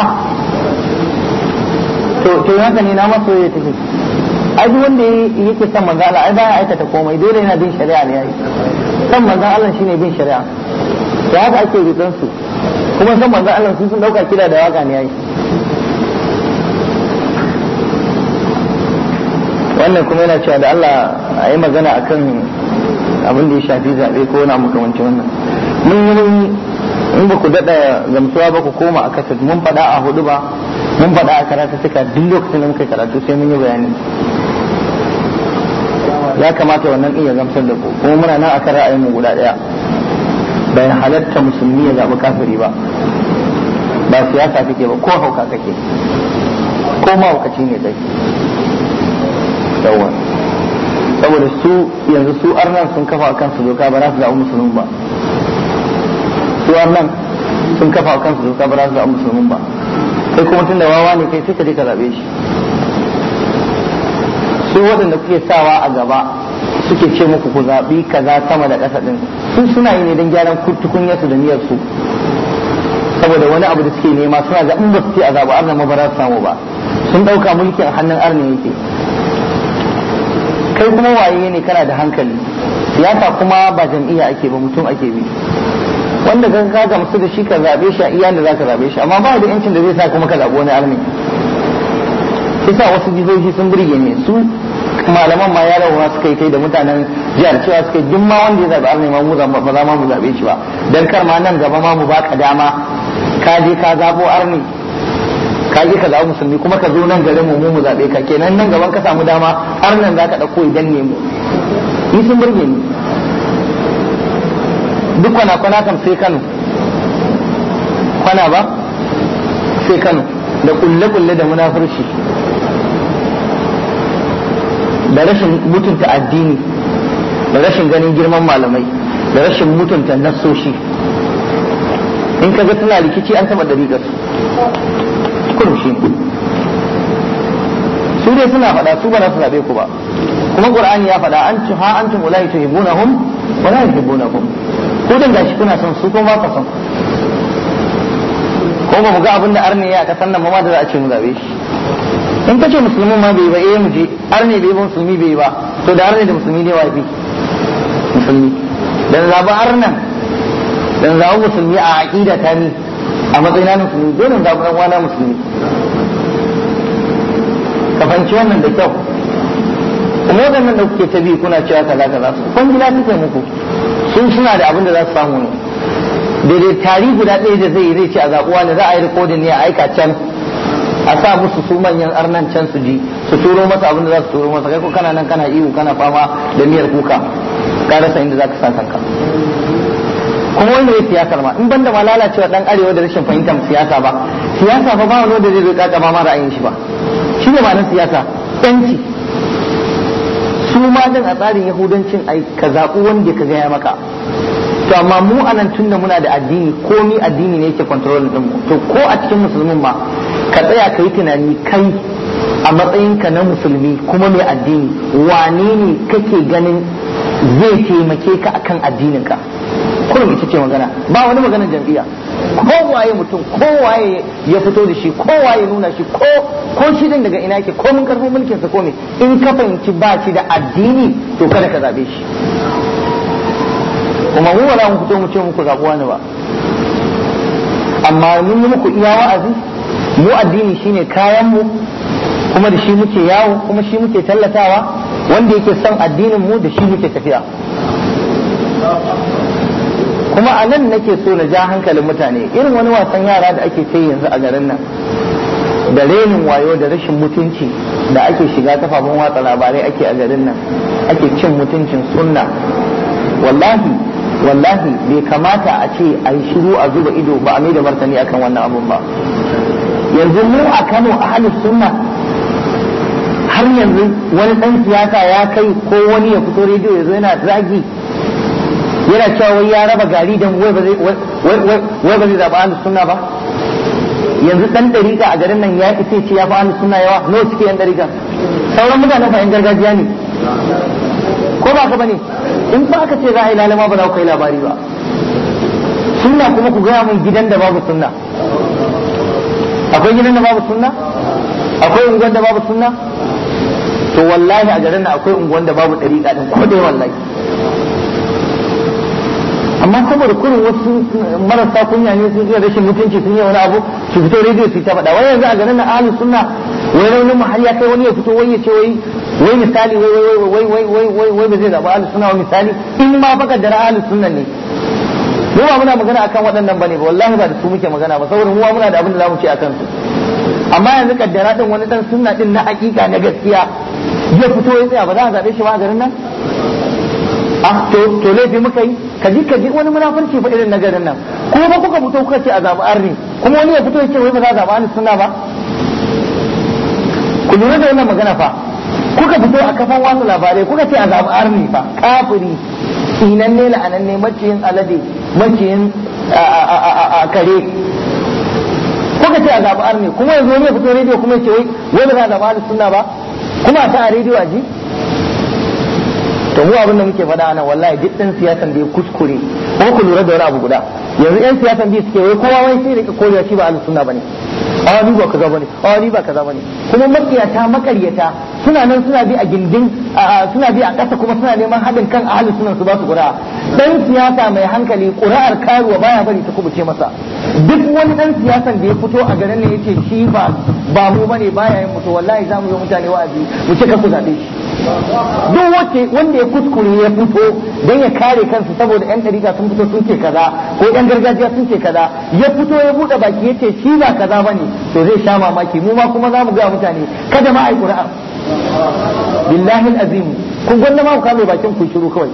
to to haka ne na maso ya tafi ai wanda yake son manzo Allah ai baya aikata komai dole yana bin shari'a ne ai san manzan Allah shine bin shari'a da haka ake rikon su kuma san manzan Allah sun dauka kira da waka ne yayi wannan kuma yana cewa da Allah a yi magana a kan abin da ya shafi zaɓe ko wani makamanci wannan mun yi in ba ku daɗa gamsuwa ba ku koma a kasar mun faɗa a hudu ba mun faɗa a karatu suka duk lokacin da muka karatu sai mun yi bayani ya kamata wannan in ya gamsar da ku kuma muna nan akan ra'ayin mu guda daya bai halatta musulmi ya zaɓi kafiri ba ba siyasa kake ba ko hauka kake ko mahaukaci ne kai yawa saboda su yanzu su arnan sun kafa kansu doka ba za su zaɓi musulmi ba su arnan sun kafa kansu doka ba za su zaɓi musulmi ba sai kuma tun da wawa ne kai sai ka je ka zaɓe shi duk waɗanda kuke sawa a gaba suke ce muku ku zaɓi kaza sama da ƙasa ɗin sun suna yi ne don gyaran tukunyarsu da niyarsu saboda wani abu da suke nema suna ga in ba su ce a zaɓi arna ma ba za samu ba sun ɗauka mulkin hannun arna yake kai kuma waye ne kana da hankali siyasa kuma ba jam'iyya ake ba mutum ake bi wanda ka ka gamsu da shi ka zaɓe shi a iya da ka zaɓe shi amma ba da yancin da zai sa kuma ka zabi wani arni yasa wasu jizoji sun burge ne su malaman ma ya rawa suka yi kai da mutanen jihar cewa suka yi duk ma wanda ya zaɓi Allah ma mu ba za ma mu zaɓe shi ba dan kar ma nan gaba ma mu ka dama ka je ka zabo arni ka je ka zaɓi musulmi kuma ka zo nan garin mu mu zaɓe ka kenan nan gaban ka samu dama arnan za ka ɗauko idan ne mu ni sun burge ni duk kwana kwana kam sai Kano kwana ba sai Kano da kulle kulle da munafurci da rashin mutunta addini da rashin ganin girman malamai da rashin mutunta nassoshi in ka ga tana rikici an taɓa ɗariƙar kurum shi su dai suna faɗa su ba na su zaɓe ku ba kuma qur'ani ya faɗa an ha antum wula tuhibunahum wa na yuhibbunakum ko dan gashi kuna son su kuma ba son ko ba mu ga abin da arni ya kasan nan ma da za a ce mu zabe shi in ce musulmin ma bai ba eh mu je arne bai ba musulmi bai ba to da arne da musulmi ne wa bi musulmi dan zaba arnan dan zaba musulmi a aqida ta ni a matsayin na musulmi dole zaba dan wani musulmi ka fanci wannan da kyau kuma waɗannan da kuke ta bi kuna cewa kaza kaza su kwangila suke muku sun suna da abin da za su samu ne daidai tari guda ɗaya da zai yi zai ce a zaɓuwa ne za a yi rikodin ne a aika can a sa musu su manyan arnan can su ji su turo masa abin da za su turo masa kai ko kana nan kana iwu kana fama da miyar kuka ka rasa inda za ka sa kanka kuma wanda ya siyasar ma in banda ma lalacewa dan arewa da rashin fahimtar siyasa ba siyasa fa ba wanda da zai zo kaka ba ma ra'ayin shi ba shi ne ma'anar siyasa yanci su ma din a tsarin yahudancin ai ka zaɓi wanda ka gaya maka to amma mu anan tunda muna da addini komi addini ne yake control din mu to ko a cikin musulmin ma ka tsaya ka yi tunani kai a matsayinka na musulmi kuma mai addini wane ne kake ganin zai taimake ka akan addininka kullum ita ce magana ba wani maganar jam'iyya kowaye mutum kowaye ya fito da shi kowaye nuna shi ko shi din daga ina ke ko mun karfin mulkin sa ko me in ka fahimci ba shi da addini to kada ka zabe shi kuma mu wala mu fito mu ce muku zabuwa ne ba amma mun muku iya wa'azi mu addini shine kayan mu kuma da shi muke yawo kuma shi muke tallatawa wanda yake son addinin mu da shi muke tafiya kuma a nan nake so na ja hankalin mutane irin wani wasan yara da ake ce yanzu a garin nan da renin wayo da rashin mutunci da ake shiga kafafun watsa labarai ake a garin nan ake cin mutuncin sunna wallahi wallahi bai kamata a ce a yi shiru a zuba ido ba a mai da martani akan wannan abun ba yanzu mu a Kano a halin sunna har yanzu wani dan siyasa ya kai ko wani ya fito rediyo ya zo yana zagi yana cewa wai ya raba gari dan wai ba zai sunna ba yanzu dan dariƙa a garin nan ya ita ce ya fi halin sunna yawa no suke yan dariƙa sauran mutanen fa yan gargajiya ne ko ba ka bane in ba ka ce za a yi lalama ba za ku kai labari ba sunna kuma ku gaya mun gidan da babu sunna akwai gidan da babu sunna akwai unguwan da babu sunna to wallahi a garin akwai unguwan da babu dariƙa din ko dai wallahi amma saboda kurin wasu marasa kunya ne sun iya rashin mutunci sun yi wani abu su fito rediyo su ta faɗa wai yanzu a garin na ahli sunna wai raunin mu har ya kai wani ya fito wai ya ce wai wai misali wai wai wai wai wai wai wai ba zai zaɓi ahlus sunna wai misali in ma baka da ahli sunna ne mu ba muna magana akan waɗannan bane ba wallahi ba da su muke magana ba saboda mu ba muna da abin da zamu ce akan su amma yanzu kaddara din wani dan sunna din na hakika na gaskiya ya fito ya tsaya ba za a zabe shi ba a garin nan ah to to laifi muka yi ka ji ka ji wani munafurci ba irin na garin nan ko ba kuka fito kuka ce a zabi arni kuma wani ya fito ya ce wai ba za a zabi an sunna ba ku lura da wannan magana fa kuka fito a kafan wasu labarai kuka ce a zabi arni fa kafiri tsinanne la'ananne maciyin alade maciyin kare kuka ce a zaɓi arne kuma yanzu wani ya fito rediyo kuma ya ce wai wani ba za a zaɓi ba kuma a ta a rediyo a ji to mu abin da muke faɗa nan wallahi duk ɗan siyasan da ya kuskure ko ku lura da wani abu guda yanzu ɗan siyasan biyu suke wai kowa wai sai da koriya shi ba al-sunna bane a ni ba kaza bane a ni ba kaza bane kuma makiyata makaryata suna nan suna bi a gindin suna bi a ƙasa kuma suna neman haɗin kan ahli sunan su ba su ƙura'a dan siyasa mai hankali ƙura'ar karuwa baya bari ta kubuce masa duk wani dan siyasan da ya fito a garin ne ce shi ba ba mu bane baya yin mutu wallahi zamu yi mutane wa'azi mu ce ka ku zabe shi duk wace wanda ya kuskure ya fito don ya kare kansa saboda yan dariƙa sun fito sun ce kaza ko yan gargajiya sun ce kaza ya fito ya buɗe baki ya ce shi ba kaza ba ne to zai sha mamaki mu ma kuma zamu ga mutane kada ma ai qur'an billahi alazim kun gwanda ma ku kame bakin ku shiru kawai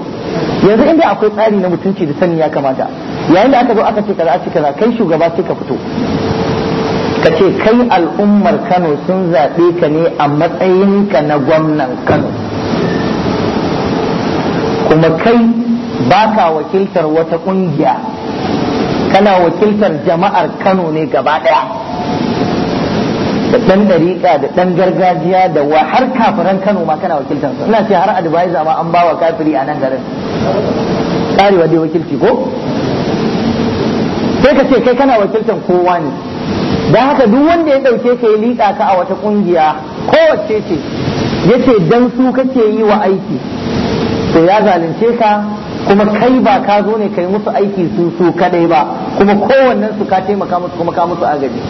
yanzu inda akwai tsari na mutunci da sani ya kamata yayin da aka zo aka ce kaza a ce kaza kai shugaba sai ka fito ka ce kai al'ummar kano sun zaɓe ka ne a matsayinka na gwamnan kano kuma kai baka wakiltar wata ƙungiya kana wakiltar jama'ar kano ne gaba ɗaya da ɗan ɗariƙa da ɗan gargajiya da wa har kafiran kano ma kana wakiltar su ina ce har advisor ma an bawa kafiri a nan garin ƙarewa dai wakilci ko sai ka ce kai kana wakiltar kowa ne don haka duk wanda ya ɗauke ka ya liƙa ka a wata ƙungiya kowace ce yace dan su kake yi wa aiki to ya zalunce ka kuma kai ba ka zo ne kai musu aiki su su kadai ba kuma kowannen su ka taimaka musu kuma ka musu agaji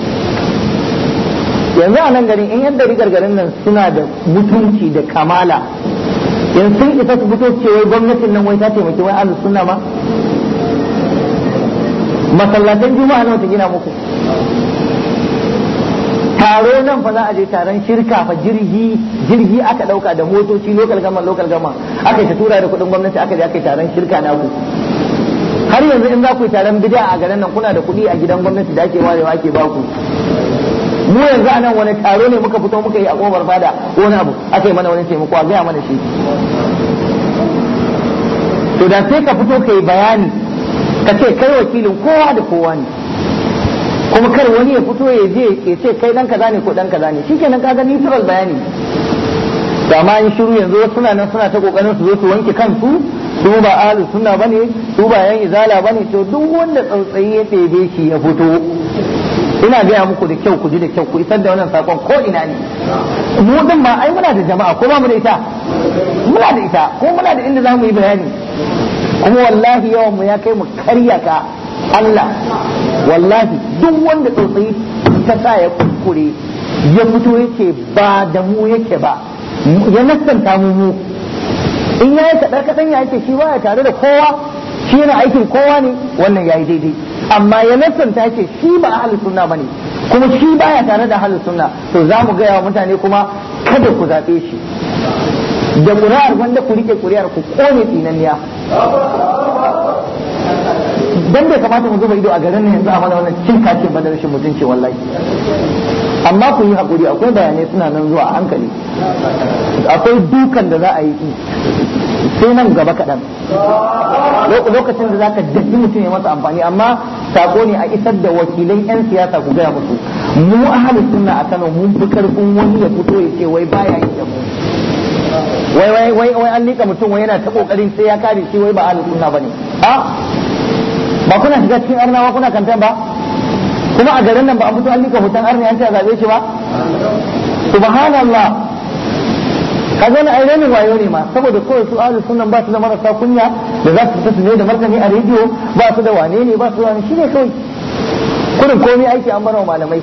yanzu a nan garin in yadda rigar garin nan suna da mutunci da kamala yanzu sun isa su fito cewa gwamnatin nan wai ta taimaki wai alu suna ma masallatan juma'a nawa ta gina muku taro nan fa za a je taron shirka fa jirgi jirgi aka dauka da motoci local gama local gama aka ta tura da kudin gwamnati aka je aka yi taron shirka na ku har yanzu in za ku yi taron bid'a a garin nan kuna da kuɗi a gidan gwamnati da ake warewa ake ba ku mu yanzu anan wani taro ne muka fito muka yi a kofar bada wani abu aka yi mana wani taimako a gaya mana shi to da sai ka fito ka yi bayani ka ce kai wakilin kowa da kowa ne kuma kar wani ya fito ya je ya ce kai dan kaza ne ko dan kaza ne shikenan kaga neutral bayani da ma in shiru yanzu suna nan suna ta kokarin su zo su wanke kansu su ba alu suna bane su ba yan izala bane to duk wanda tsautsayi ya tebe shi ya fito ina gaya muku da kyau ku ji da kyau ku isar da wannan sakon ko ina ne mu din ma ai muna da jama'a ko ba mu da ita muna da ita ko muna da inda zamu yi bayani kuma wallahi yawan mu ya kai mu karyaka ka Allah wallahi duk wanda tsotsi ta sa ya kurkure ya fito yake ba da mu yake ba ya nasanta mu mu in ya yi kaɗar kaɗan ya yake shi ya tare da kowa shi yana aikin kowa ne wannan ya yi daidai amma ya nasanta yake shi ba ahli sunna ba ne kuma shi ba ya tare da ahli sunna to za mu gaya wa mutane kuma kada ku zaɓe shi da ƙuri'ar wanda ku riƙe ƙuri'ar ku kone tsinaniya dan bai kamata mu zuba ido a garin nan yanzu a mana wannan cikin kace ba da rashin mutunci wallahi amma ku yi hakuri akwai bayanai suna nan zuwa a hankali akwai dukan da za a yi sai nan gaba kaɗan lokacin da za ka daɗi mutum ya masa amfani amma sako ne a isar da wakilai 'yan siyasa ku gaya musu mu ahalin suna a kano mun fi karfin wani ya fito ya ce wai baya yi da mu wai wai wai an liƙa mutum wai yana ta ƙoƙarin sai ya kare shi wai ba halin sunna bane a ah! ba kuna shiga cikin arnawa kuna kanta ba kuma a garin nan ba an fito an lika hoton arni an ce a zabe shi ba subhanallah ka ga na aire wayo ne ma saboda kowai su ahlus ba su da marasa kunya da za su fita su ne da martani a rediyo ba su da wane ne ba su da shi ne kawai kudin komai aiki an barawa malamai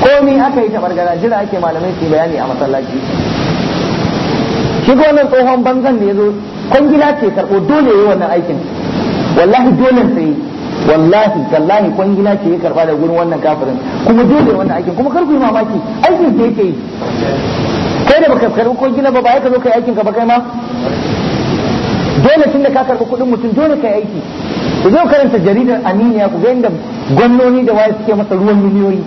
komai aka yi tabargara jira ake malamai su bayani a masallaci shi nan tsohon banzan da ya zo kwangila ce karɓo dole ya yi wannan aikin wallahi dole sai wallahi tallahi gina ce ya karba da gurin wannan kafirin kuma dole wannan aikin kuma kar ku yi mamaki aikin da yake yi kai da baka karbi gina ba ba ya ka zo kai aikin ka ba kai ma dole tunda ka karbi kuɗin mutum dole kai aiki ku zo karanta jaridar aminiya ku ga yadda gwamnoni da waye suke masa ruwan miliyoyi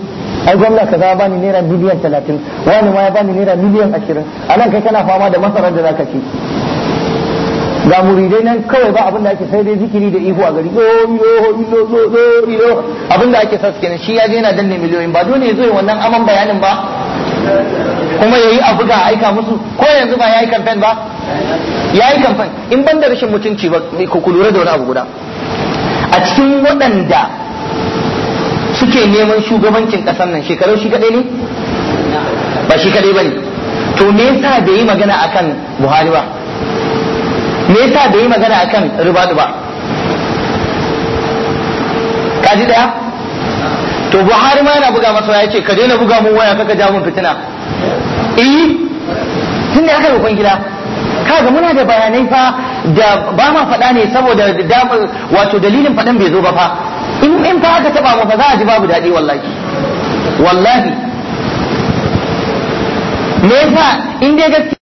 ai gwamna ka za bani naira miliyan talatin wani ma ya bani naira miliyan ashirin anan kai kana fama da masarar da za ka ci ga muridai nan kawai ba abin da ake sai dai zikiri da ihu a gari yo yo yo yo yo abin da ake sa kenan shi ya je yana danne miliyoyin ba dole ya zo wannan aman bayanin ba kuma ya yi abu ga aika musu ko yanzu ba ya yi kamfen ba ya yi kamfen in ban da rashin mutunci ba ku kulura da wani abu guda a cikin waɗanda suke neman shugabancin ƙasar nan shekaru shi kaɗai ne ba shi kaɗai ba ne to me yasa bai yi magana akan buhari ba me yasa da yi magana akan ribadu Ka ji daya to buhari ma yana buga masa ya ce ka daina buga mun waya kaka ja fitina eh tun da aka roƙon gida kaga muna da bayanai fa da ba ma faɗa ne saboda wato dalilin faɗan bai zo ba fa in in fa aka taba mu fa za a ji babu daɗi wallahi wallahi me yasa in dai